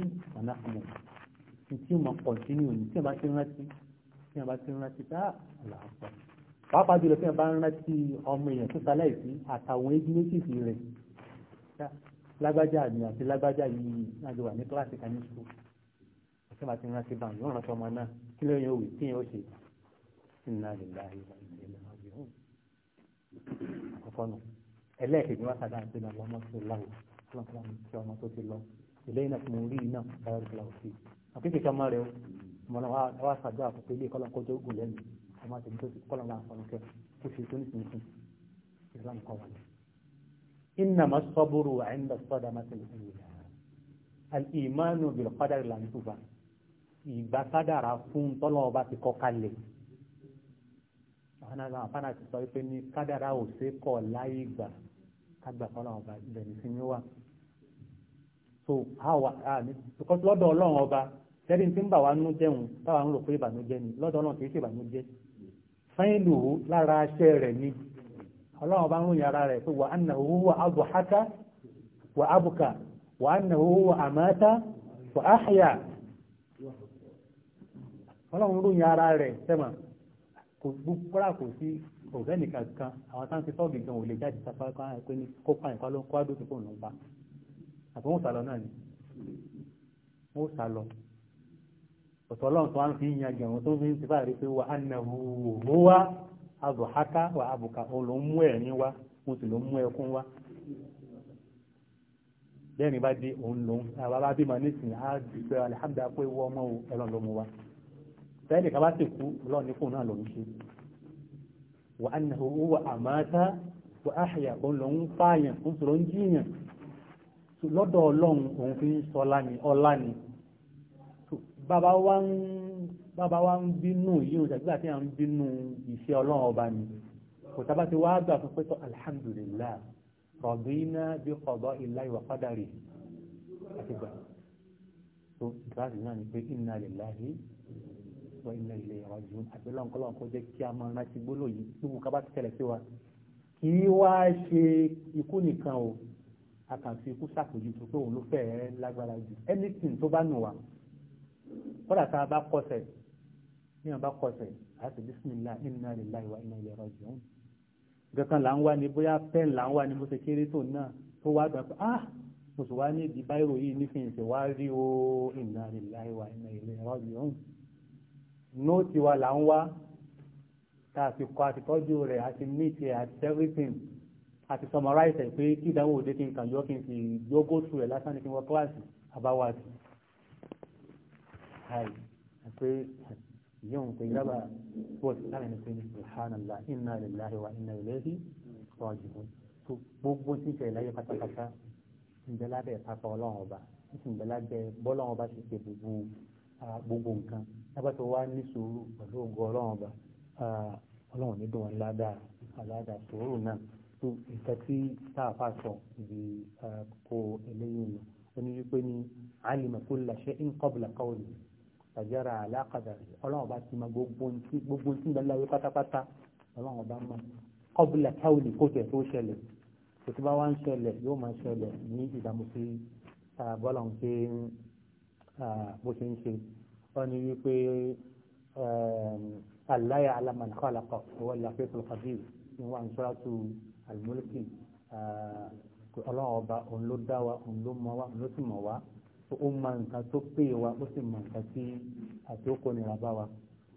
tí mo pọ̀ sí ní òní tí mo bá ti rántí tí mo bá ti rántí tá àlàáfà ah, pàápàá jùlọ tí mo bá rántí ọmọ èèyàn tó sálẹ̀ sí àtàwọn égúnétìs rẹ̀ lágbájá mi àti lágbájá yìí láti wà ní kíláàsì kan ní sùkúl tí mo bá ti rántí báyìí wọ́n rántí ọmọ náà kí ló yẹn òwe tí yẹn ó ṣe iná lè la ìwà ìdílé ọ̀hún àkọ́kọ́ nù ẹlẹ́ẹ̀kejì wá sàdá àti ọmọ tó lọ́wọ́ ọmọ tó ti lọ ìlẹ́yìn náà tí mo rí iná báyọ̀ àkékè ká má rẹ o ọmọdé wa ṣàdúrà fún pé ilé kọ́lọ̀ kó tó gùn lẹ́nu ọmọ àti ìdíjọ́ kọ́lọ̀ náà sọ̀rọ̀ kẹ́ kó ṣe tó nìsín fún Islam kọ́ wa ni. innama sabru 'inda as-sadamati al-ula al-imanu bil-qadari la nutuba ìgbà kádàrà fún tọ́lọ́ ọba ti kọ́ kalẹ̀ àwọn àwọn afáàná ti sọ pé ní kádàrà ò ṣe kọ̀ láyé ìgbà kágbà kọ́lọ̀ ọba ìbẹ̀rẹ̀ sí ni wà. so àwọn àmì lọ́dọ̀ sẹ́ni tí ń bà wá nú jẹun táwa ń rò pé ìbànújẹ́ ni lọ́dọ̀ náà kì í ṣe lára aṣẹ́ rẹ̀ ni ọlọ́run bá ń ròyìn ara rẹ̀ pé wà á nà owó wà ábùháká wà ábùkà wà á nà owó wà àmáta wà áhìyà ọlọ́run ròyìn ara rẹ̀ sẹ́mà kò gbúgbúra kò kan àwọn ti sọ́ọ̀gì gan ò lè jáde pé ní kó ọ̀tọ̀ ọlọ́run tó wá ń fi yan jẹun tó fi ń ti báyìí pé wà á nà wò wá azọ̀háká wà ábùkà òun ló ń mú ẹ̀rín wá mo sì ló ń mú ẹkún wá bẹ́ẹ̀ni bá dé òun ló ń àwọn bá bímọ nísìnyí á dùpẹ́ alihamdulilayi pé wọ́n mọ́ o ọlọ́run ló mú wá bẹ́ẹ̀ni ká bá sì kú ọlọ́run ní fóun náà ló ń ṣe wà á nà wò wá àmọ́ta wà á hìyà òun ló ń fààyàn òun sì ló ń jíyàn lọ́dọ̀ ọlọ́run òun fi ń sọ bàbá wa ń bàbá wa ń bínú yíò jàgbà tí a ń bínú ìṣẹ́ ọlọ́run ọba ni kò tábà ti wá gbà fún pẹ́tọ́ alhamdulillah rọ̀bìnà bí ọ̀dọ́ ilá ìwà qadari àti gbà tó ìtàláṣì náà ni pé inna lillahi wa inna ilayhi raji'un àti lọ́nkọ́lọ́n kó jẹ́ kí a máa rántí gbóló yìí tí wù kábà ti tẹ̀lẹ̀ sí wa kì í wá ṣe ikú nìkan o a kàn fi ikú ṣàpèjú tó pé òun ló fẹ́ẹ́ lágbára jù anything tó bá nù wá kódà tá a bá kọsẹ̀ ní a bá kọsẹ̀ a sì bísímìlá inna lillahi wa inna ilayhi raji'un gẹ̀kan là ń wá ní bóyá pẹ́ẹ̀n là ń wá ní mo ṣe kéré tó náà tó wá gbà pé ah mo sì wá ní ìdí báyìí yìí nífin ìṣe wá rí o inna lillahi wa inna ilayhi raji'un nóòtì wa là ń wá tá a ti kọ́ àti tọ́jú rẹ̀ àti meet rẹ̀ àti everything àti summarize ẹ̀ pé kí ìdánwò òde kí n kàn yọ kí n fi yógó tu rẹ̀ lásán ní kí n wọ kai akwai yawan kai raba ko tsara ne kai subhanallah inna lillahi wa inna ilaihi raji'un to gbogbo tí ṣe láyé pátápátá ǹjẹ́ lábẹ́ ìpapọ̀ ọlọ́run ọba ǹjẹ́ lábẹ́ bọ́lọ́run ọba ṣe ṣe gbogbo gbogbo nǹkan lábàtọ̀ wá ní sùúrù pẹ̀lú ògo ọlọ́run ọba ọlọ́run ní dùn wọn ládàá sùúrù náà tó nǹkan tí táàpá sọ ibi kó eléyìí lọ ó ní wípé ní alima kulla shay'in tàjára àlákàdà ọlọ́run ọba ti ma gbogbo ntí gbogbo ntí lọ́la yẹ pátápátá ọlọ́run ọba ma kọ́bùlà táwùlì kóòtù tó ṣẹlẹ̀ tòtí bá wá ń ṣẹlẹ̀ yóò máa ṣẹlẹ̀ ní ìdààmú sí bọ́lá ń ṣe bó ṣe ń ṣe wọ́n ní wípé aláya alamani kọ́lákọ̀ wọ́n lè fẹ́ pẹ̀lú kàbí ní wọ́n àǹṣọ́ràtú àlùmọ́lẹ́kì ọlọ́run ọba òun ló dá wa òun ló mọ wa òun ló sì mọ̀ wa ó ma nǹkan tó pè wa ó sì ma nǹkan tí àti ó kò nira bá wa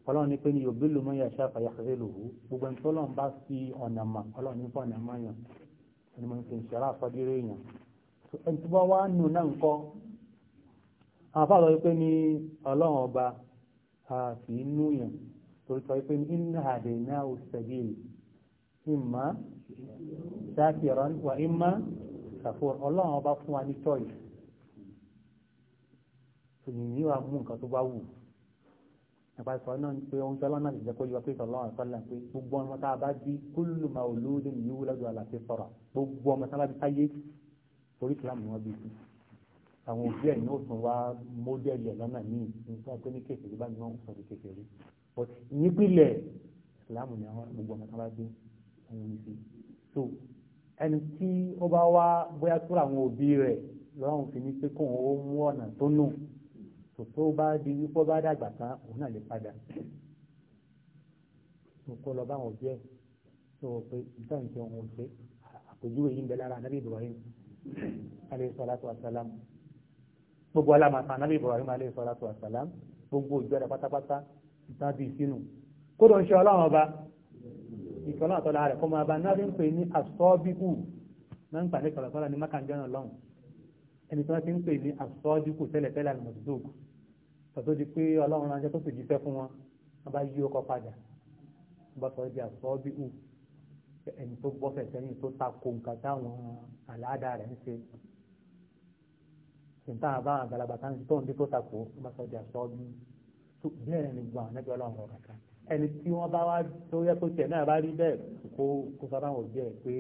ọlọ́run ní pé ní òbí lòmọ́ yà ṣáfà yà fẹ́ lòwú gbogbo ẹni tó lọ́n bá fi ọ̀nà mà ọlọ́run ní fọ̀nà mà yàn ẹni mo ń fi ìṣẹ́ra àfọ́dúró èèyàn ẹni tó bá wá nù náà ńkọ́ àwọn afáàlọ́ wípé ní ọlọ́run ọba kì í nú yàn torí sọ wípé ní iná àdè náà ó ṣẹ̀dí ìmọ̀ ṣáàkì rán wà ìmọ̀ ṣàfihàn sòmìnì yóò mú nǹkan tó bá wù nípa ìsọ náà ni pé ohun tí ọlọ́run náà ti jẹ́ kó yíwa pé ìsọ̀lọ́ àwọn ìsọ̀lá pé gbogbo ọmọ tá a bá bí kúlù máa ò lóde ní yíwú lọ́dọ̀ àlàfẹ́ sọ̀rọ̀ gbogbo ọmọ tá a bá bí táyé torí ìsìlámù wọn bí sí àwọn òbí ẹ̀ ní ó tún mọ́dẹ́lì ẹ̀ lọ́nà míì nígbà pé ní kékeré bá ní wọ́n sọ kékeré nípìnlẹ̀ ìsìlámù ni àwọn gbogbo ọmọ tá a bá bí àwọn ìsì so ẹni tí ó bá wá bóyá tó tó bá di wípọ́ bá dàgbà tán òun náà lè padà kó lọ bá wọn jẹ́ tó o pé nǹkan ìṣe òun ò ṣe àpèjúwe yìí ń bẹ lára anábì Ibrahim alayhi salatu wasalam gbogbo alamata anábì Ibrahim alayhi salatu wasalam gbogbo ìjọba pátápátá ìtàn bíi sínú kódò ń ṣe ọlọ́run ọba ìkọlọ́ àtọ́lá rẹ̀ kọ́ máa bá náà ń pè ní asọ́bíkù náà ń pàdé kọ̀lọ̀kọ́lọ̀ ní mákàndínlọ́run ẹni tí wọ́n ti ń pè ní asọ́bíkù tẹ́lẹ̀tẹ́lẹ̀ àlùmọ̀tòdógù tàbí di pé ọlọ́run ránṣẹ́ tó sì jíṣẹ́ fún wọn wọn bá yí ọkọ̀ padà bá sọ di àsọ́ọ́bí hù ẹni tó bọ́fẹ̀ sẹ́yìn tó takò nǹkan táwọn àláàdá rẹ̀ ń ṣe sìntàn àbá àgbàlagbà tá ń tó ń dé tó takò wọn bá sọ di àsọ́ọ́bí tó bẹ́ẹ̀ ni gbọ́n àwọn ẹgbẹ́ ọlọ́run rọ̀ kàkà ẹni tí wọ́n bá wá tó yẹ kó tẹ̀ náà bá rí bẹ́ẹ̀ kó kó sábà wọ̀ bí ẹ̀ pé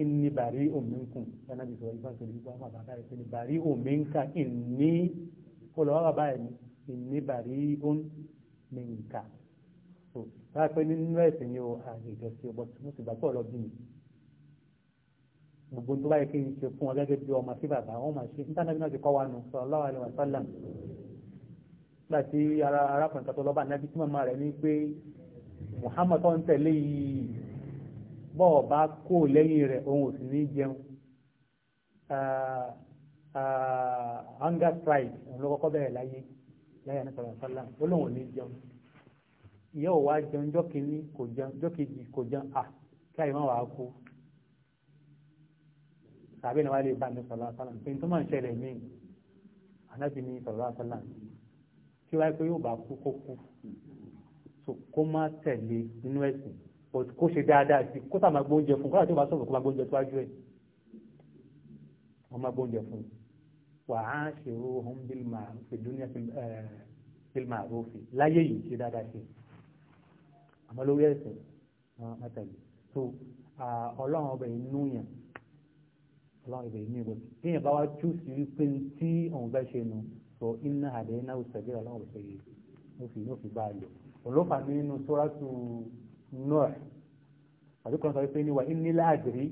inni bari ominkun ẹnabi sọ ìfọ̀nsẹ̀ ìgbà wọn bàbá rẹ̀ sí bari ominka inni kó lọ wá báyìí ní ìníbàrí òun ní nǹka tó báyìí pé nínú ẹ̀sìn ni o àyè ìjọsí ọgbọ́ tí mo sì bá pọ̀ lọ bí mi gbogbo tó báyìí kí n ṣe fún ọ gẹ́gẹ́ bí ọmọ sí bàbá wọn máa ṣe nítorí náà ti kọ́ wa nù sallallahu alaihi wasallam nígbà tí ara arákùnrin kan tó lọ́ba nábì tí màmá rẹ̀ ní pé Muhammad tó ń tẹ̀lé yìí bọ́ọ̀ bá kó lẹ́yìn rẹ̀ òun ò sì ní jẹun ah, Ah, hunger strike ló kọ́kọ́ bẹ̀rẹ̀ láyé láyé àná sọ̀rọ̀ sọ́lá ó lóun ò ní jẹun ìyá ò wá jẹun jọ́ kìíní kò jẹun jọ́ kejì kò jẹun à ah, kí àyè má wàá kú tàbí ní wàá lè bá mi sọ̀rọ̀ sọ́lá pé n tó máa ń ṣẹlẹ̀ mí ànábì ní sọ̀rọ̀ sọ́lá kí wáyé pé yóò bá kú kó kú kó má tẹ̀lé nínú ẹ̀sìn kó ṣe dáadáa sí kó tà gbóúnjẹ fún kó tà bá sọ̀rọ̀ kó máa gbóúnjẹ tó wájú ẹ̀ wọ́n máa gbóúnjẹ fún un wa'ashiruhum bil ma'ruf fi dunya bil ma'ruf láyé yìí ṣe dáadáa ṣe àmọ́ lórí ẹ̀sìn mẹ́tẹ̀lẹ̀ so ọlọ́run ọbẹ̀ inú yẹn ọlọ́run ọbẹ̀ inú yẹn tí yẹn bá wá tú sí wípé tí òun fẹ́ ṣe nu sọ inna hadaynahu sabila ọlọ́run ọbẹ̀ yìí ló fi ló fi bá a lò olófà nínú suratu Nuh àti kan sọ wípé ní wa inni la adri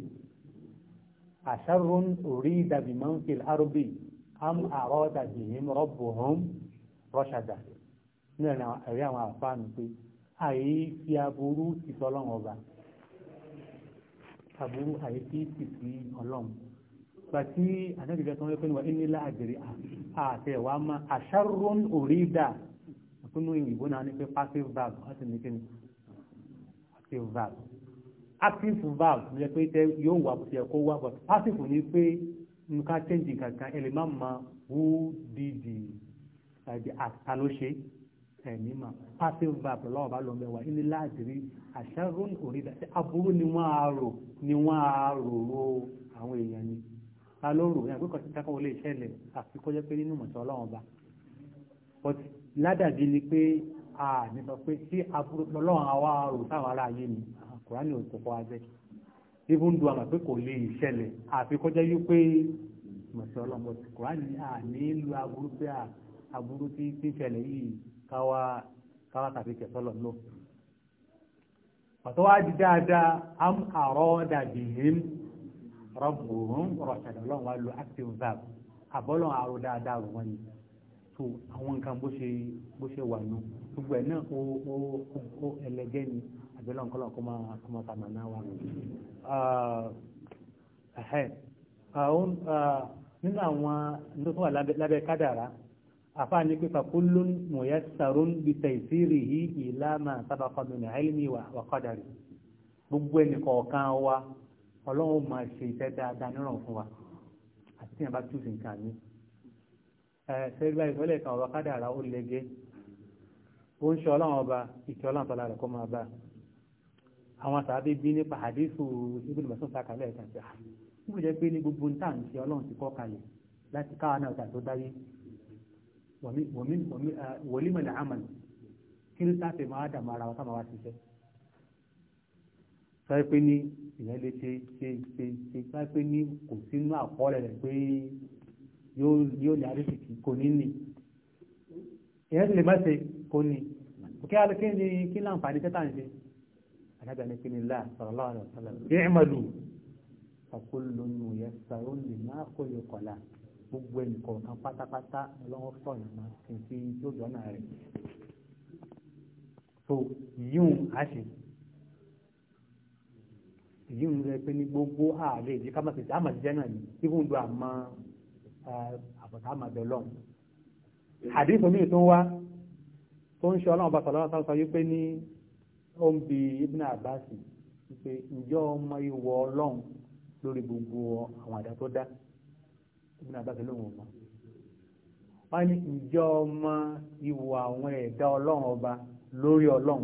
asharrun urida biman fil ardi am àrọ́dà bìhìm rabbuhum rọ́ṣàdà nílẹ̀ ẹ̀rí àwọn àfáànù pé àyè fi aburú ti tọ́lọ́run ọba aburú àyè fi ti fi ọlọ́run gbàtí ànábìbẹ́ tó ń lé wa inni la adri àti ẹ̀wà máa asharrun urida ìpinnu ìyìnbó náà ní pé passive verb wọ́n sì ní kí ni active verb active verb ní ẹ pé yóò wà bó ti yẹ kó wà but passive ní pé nǹkan change kankan ẹ lè má ma who did the àtàlóṣe uh, ẹ̀mí mà passive verb lọ́wọ́ bá lọ mẹ́wàá ilé láàdìrí àṣàrún òrìdà tí aburú ni wọ́n á rò ni wọ́n á rò ó àwọn èèyàn ni ta ló rò yẹn àgbékọ̀ títí káwọn olè ṣẹlẹ̀ àfi kó pé nínú mọ̀tọ́ ọlọ́wọ́n bá but ládàbí ni pé a ní sọ pé tí aburú lọ́wọ́n àwa rò táwọn ará ni Kùránì ò tó kọ́ wa Ibu though àmà pé kò lè ṣẹlẹ̀ àfi kọjá yí pé mọ̀sí ọlọ́mọ ti kọ́ àní àní lu aburú pé aburú tí tí ṣẹlẹ̀ yìí káwa káwa tàbí kẹsọ́lọ̀ lọ. pàtó wá di dáadáa am àrọ́ dàbí him rọ́bùrún rọ̀ṣẹ̀dọ̀ ọlọ́run wá lu active verb àbọ́lọ̀ àrò dáadáa rò wọ́n ni so àwọn nǹkan bó ṣe bó ṣe wà nù gbogbo ẹ̀ náà ó ó ó ẹlẹgẹ́ ni àbẹ́lẹ̀ ọ̀kọ́lọ̀ kó máa kó máa sàmà náà wà. nínú àwọn tó wà lábẹ́ kádàrá àfa ní pípa kullun muyassarun bi taysirihi ila ma sabaqa min ilmi wa qadari gbogbo ẹnì kọ̀ọ̀kan wa ọlọ́run máa ṣe iṣẹ́ dáadáa níràn fún wa àti tí yẹn bá túùsì nǹkan mi ṣẹ́gbà ìfọ́lẹ̀ kan ọba kádàrá ó lẹ́gẹ́ ó ń ṣe ọlọ́run ọba ìkẹ́ ọlọ́run tọ́lá rẹ̀ kó máa bá a àwọn sàbí bí nípa àdéhùn ìbùdó mẹ́sàn sàkàlẹ̀ ẹ̀ka ṣe nígbà jẹ́ pé ní gbogbo ní tàn ṣe ọlọ́run ti kọ́ kalẹ̀ láti káwọn náà tà tó dáyé wòlí mọ̀lẹ̀ àmà kí ló sáfẹ̀ máa dà mara wọn sáwọn wá ṣiṣẹ́ sọ pé ní ìyẹn lè ṣe ṣe ṣe ṣe sọ pé ní kò sínú àkọọ́lẹ̀ rẹ̀ pé yóò ní àríṣìkì kò ní ní ìyẹn lè má ṣe kò ní kí ni anábìá ní kíni láà sallallahu alaihi wasallam i'malu fa kullun muyassarun lima khuliqa lah gbogbo ẹnì kọ̀ọ̀kan pátápátá ọlọ́wọ́ sọ̀rọ̀ náà kì í fi lójú ọ̀nà rẹ̀ so yíùn á ṣe èyí ń rẹ pé ní gbogbo ààrẹ èdè ká máa tètè àmà jẹ náà ni tí wọn lu àmà àbọ̀tá àmà bẹ̀ lọ́n. àdéhùn mi tó tó ń ṣe ọlọ́run bá sọ̀rọ̀ sọ̀rọ̀ yìí pé ní ó ń bi Ibn Abbas pé ǹjọ́ ọmọ ìwọ ọlọ́run lórí gbogbo àwọn àdá tó dá Ibn Abbas lóhùn ọmọ wọ́n ní ǹjọ́ ọmọ ìwọ àwọn ẹ̀dá ọlọ́run ọba lórí ọlọ́run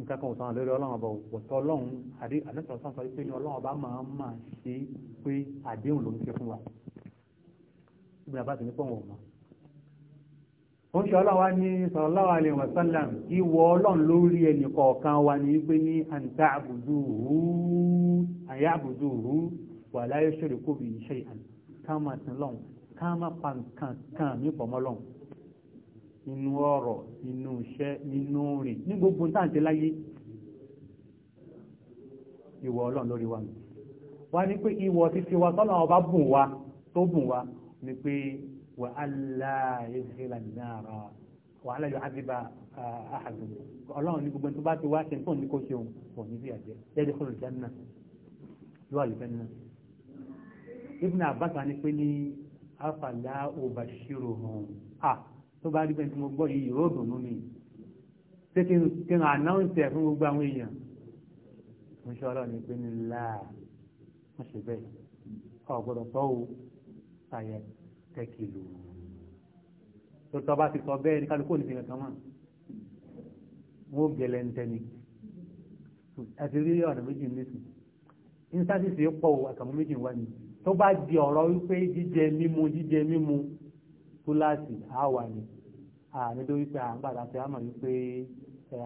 nǹkan kan ò sọ̀rọ̀ lórí ọlọ́run ọba òpòtọ́ ọlọ́run àdé àdéhùn sọ̀rọ̀ sọ̀rọ̀ pé ní ọlọ́run ọba máa ń máa ṣe pé àdéhùn ló ń ṣe fún wa Ibn Abbas ní pọ̀ wọ̀ mọ́ ó ń ṣe ọlọ́wà ní sallallahu alaihi wasallam ìwọ ọlọ́run lórí ẹnì kọ̀ọ̀kan wa ní pé ní àǹtà àbùdúhù àyà àbùdúhù wà láyé ṣòro kó bí iṣẹ́ ìhàn ká máa sin lọ́hùn ká máa pa nǹkan inú ọ̀rọ̀ inú iṣẹ́ inú rìn ní gbogbo táǹtì láyé ìwọ ọlọ́run lórí wa wá ní pé ìwọ ti fi wa tọ́lọ́ ọba bùn wa tó bùn wa ni pé wàhálà ìdílà náírà wàhálà yóò àdìbà àhàdùn ọlọ́run ní gbogbo ẹni tó bá ti wá ṣe nǹkan ní kó ṣe òun kò ní bí àjẹ lẹ́yìn kọ́ lùjẹ́ náà yóò àlùfẹ́ náà ibùn àbáta ni pé ní afàlà òbàṣírò hàn à tó bá rí bẹ́ẹ̀ tí mo gbọ́ yìí yóò dùnú mi ṣé kí n kí n ànáwùsì fún gbogbo àwọn èèyàn mo ṣe ọlọ́run ní pé ní láà wọ́n ṣe bẹ́ẹ̀ ọ̀gbọ́dọ̀ tọ́ o àyẹ̀kọ́ tẹ́kìlù tó tọ́ bá ti sọ bẹ́ẹ̀ ní kálukú ní ìpínlẹ̀ kan mọ́ wọ́n gẹ̀lẹ́ ń tẹ́ni àti rí ọ̀nà méjì nísìn instances yìí pọ̀ àtàmú méjì wá ní tó bá di ọ̀rọ̀ wípé jíjẹ mímu jíjẹ mímu túláàsì àwà ni ànídó wípé à ń gbàdá pé a mọ̀ wípé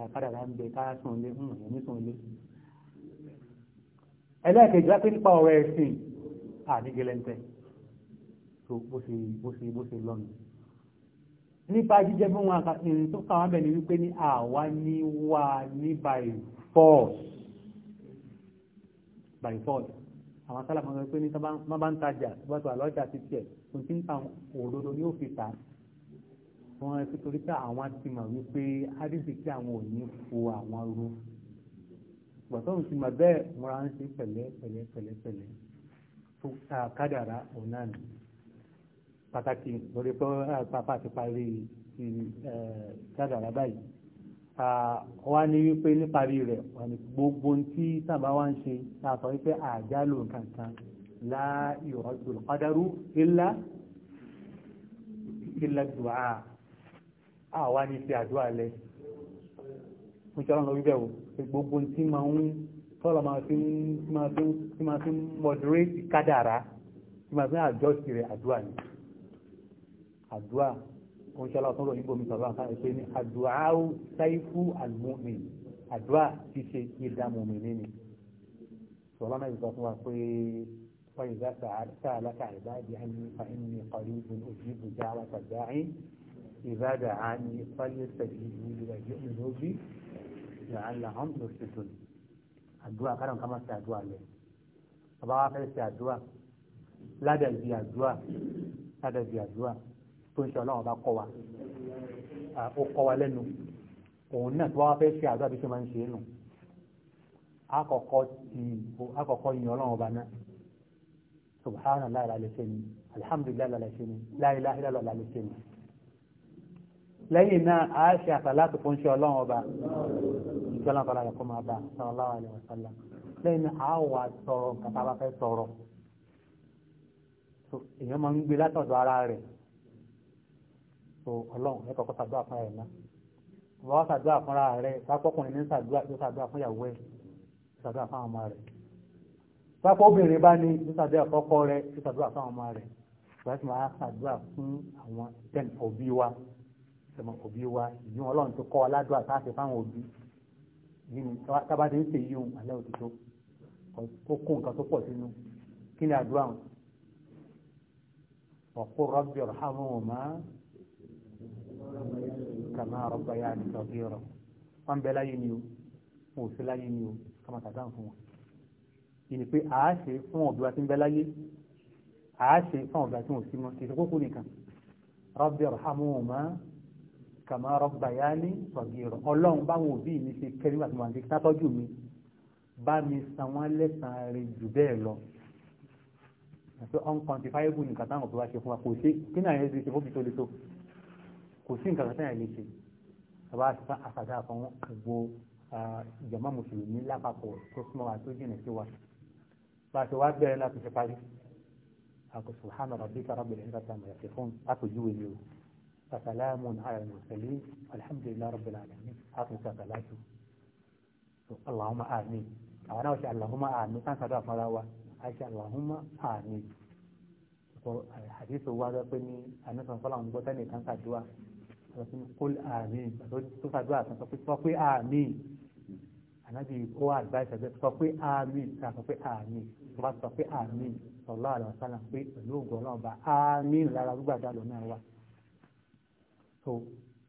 àkádàrà ń bẹ káyà sùn lé ń rìn ní sùn lé ẹlẹ́ẹ̀kejì wá pé nípa ọ̀rọ̀ ẹ̀sìn ànígẹlẹ́ntẹ́ so bó ṣe bó ṣe bó ṣe lọ́nà nípa jíjẹ fún wọn àkàtìrì tó kà wọ́n bẹ̀ ní wípé ní àwa ní wà ní by force by force àwọn sálàmù ọ̀rọ̀ pé ní má bá ń tajà gbọ́dọ̀ àlọ́jà ti tiẹ̀ kò tí ń ta òdodo ní òfin ta wọn ti torí pé àwọn ti mọ̀ wípé ádìsí kí àwọn ò ní fo àwọn ru gbọ̀tọ́run ti mọ̀ bẹ́ẹ̀ múra ń ṣe pẹ̀lẹ́ pẹ̀lẹ́ kádàrá òun nìyí pàtàkì lórí pé pàpà ti parí kádàrá eh, báyìí wá ní wípé níparí rẹ̀ gbogbo tí sábà wá ń ṣe láàtọ wípé àjálù kankan láìrọ̀jù qadaru illa illa du'a àwa ní ti àdúrà lẹ mo ṣe ọlọ́run wíbẹ̀ wò gbogbo tí máa ń tọ́lọ̀ máa fi ń moderate kádàrá tí máa fi ń àjọ́sí rẹ̀ àdúrà ni àdúrà oníṣẹ́lá ọ̀tún ròyìn bomi sọ̀rọ̀ àkàrà pé ní àdúrà ó sáífù àlùmọ́mì àdúrà ṣíṣe ìdààmú mi nínú sọ̀rọ̀ náà ìsọ fún wa pé wọ́n ìgbà sàálàkà ìbáàdì àmì fàìmì ọ̀rí ìbùn òjìbù dáwà tàdáì ìbáàdà àmì fàyè sàjìbù ìwàjì òmìnirí làálà hàn tó ṣe tó àdúrà kárọ̀ ká má ṣe àdúrà lẹ̀ bàbá wa fẹ́ ṣe àdúrà ládàbí àdúrà ládàbí àdúrà tó ń ṣe ọlọ́run bá kọ́ wa ó kọ́ wa lẹ́nu òun náà tó wá fẹ́ ṣe àdúrà bí ṣe máa ń ṣe nù àkọ́kọ́ ti àkọ́kọ́ alhamdulillah lálẹ́ ṣe la ilaha illallah lálẹ́ ṣe ni lẹ́yìn náà a ṣe àtàlátù fún ṣe ọlọ́run ọba ìjọlá bá sallallahu alaihi wasallam lẹ́yìn náà a wà sọ̀rọ̀ nǹkan tá a bá fẹ́ so ọlọ́run ẹ kọ́kọ́ ṣàdúrà fún ẹ̀ náà wọ́n ṣàdúrà fúnra rẹ̀ pápọ́kùnrin ní ṣàdúrà yóò ṣàdúrà fún ìyàwó ẹ̀ ṣàdúrà fún àwọn ọmọ rẹ̀ pápọ́ obìnrin bá ní yóò ṣàdúrà fọ́kọ rẹ̀ yóò ṣàdúrà fún àwọn ọmọ rẹ̀ láti máa ṣàdúrà fún àwọn tẹ́n òbí wa tẹ́mọ̀ òbí wa ìyún ọlọ́run tó kọ́ aládùá sáàṣẹ fáwọn òbí yìí tábà ti ń ṣe yíyún alẹ́ òtítọ́ ó kó nǹkan tó pọ̀ sínú kí ni àdúrà wọn ọ̀pọ̀ rọ́bì ọ̀rọ̀ kama rọ́gbà yá ni sọ̀bí rọ̀ wọ́n bẹ láyé ni o wọn ò sí láyé ni o kàmá tàdá fún wọn. ìní pé àáṣe fún ọ̀bí wa ti ń bẹ láyé àáṣe fún ọ̀bí wa ti ń sí mọ́ kì í ṣe kókó nìkan rọ́bì rọ̀hámùmá kàmá rọ́gbà yá ni sọ̀bí rọ̀ ọlọ́run báwọn òbí mi ṣe kẹ́rí wàtí wọn àti sátọ́jú mi bá mi san wọn lẹ́sàn-án rẹ̀ jù bẹ́ẹ̀ lọ àti unquantifiable nìkan táwọn òbí wa ṣe fún wa kò ṣe kí náà yẹn ti ṣe fóbi tó le tó kò sí nǹkan kan lè ṣe àbá àfàdá fún gbogbo ìjọba mùsùlùmí lápapọ̀ tó súnmọ́ wa tó jìnà sí wa bá a ṣe wá bẹ̀rẹ̀ láti ṣe parí àkóso hàn rabbika rabbil izzati amma yasifun àpèjúwe ni o sàlámù ala al-mursalin alhamdulillahi rabbil alamin àtúnṣe àtàlájú allahumma amin àwọn náà ṣe allahumma amin sáǹsà dọ́ àfọ́nra wa àṣẹ allahumma amin àdìsọ wa rẹ pé ní anísàn fọlá ń gbọ́ tẹ́lẹ̀ kan ṣàdúrà sọ fún àmì tó pé sọ pé àmì ànábì ó sọ pé àmì sọ pé àmì tó àmì pẹ̀lú ògùn náà wà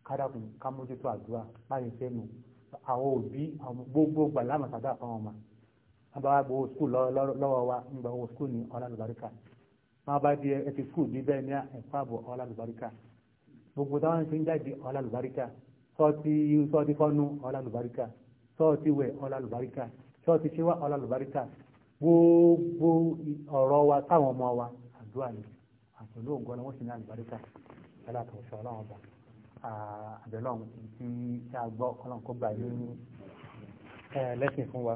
kádàkùn àdúrà àwọn òbí gbogbo gbà lámàsàdá ọma abáwá gbowó skul lọ́wọ́ wa ń gbà skul ní ọlá lùbáríkà wọn bá di ẹ ti skul bí bẹ́ẹ̀ ní gbogbo táwọn fi ń jáde ọlá lùbáríkà sọ́ọ̀tì sọ́ọ̀tì fọ́nú ọlá lùbáríkà sọ́ọ̀tì wẹ̀ ọlá lùbáríkà sọ́ọ̀tì ṣíwá ọlá lùbáríkà gbogbo ọ̀rọ̀ wa táwọn ọmọ wa àdúrà ni àtúndò ògùn ọlọ́wọ́ sì ní àlùbáríkà aláàtọ̀ṣọ́ ọlọ́run ọba àbẹ̀lọ́run tí a gbọ́ kó gbà ní lẹ́sìn fún wa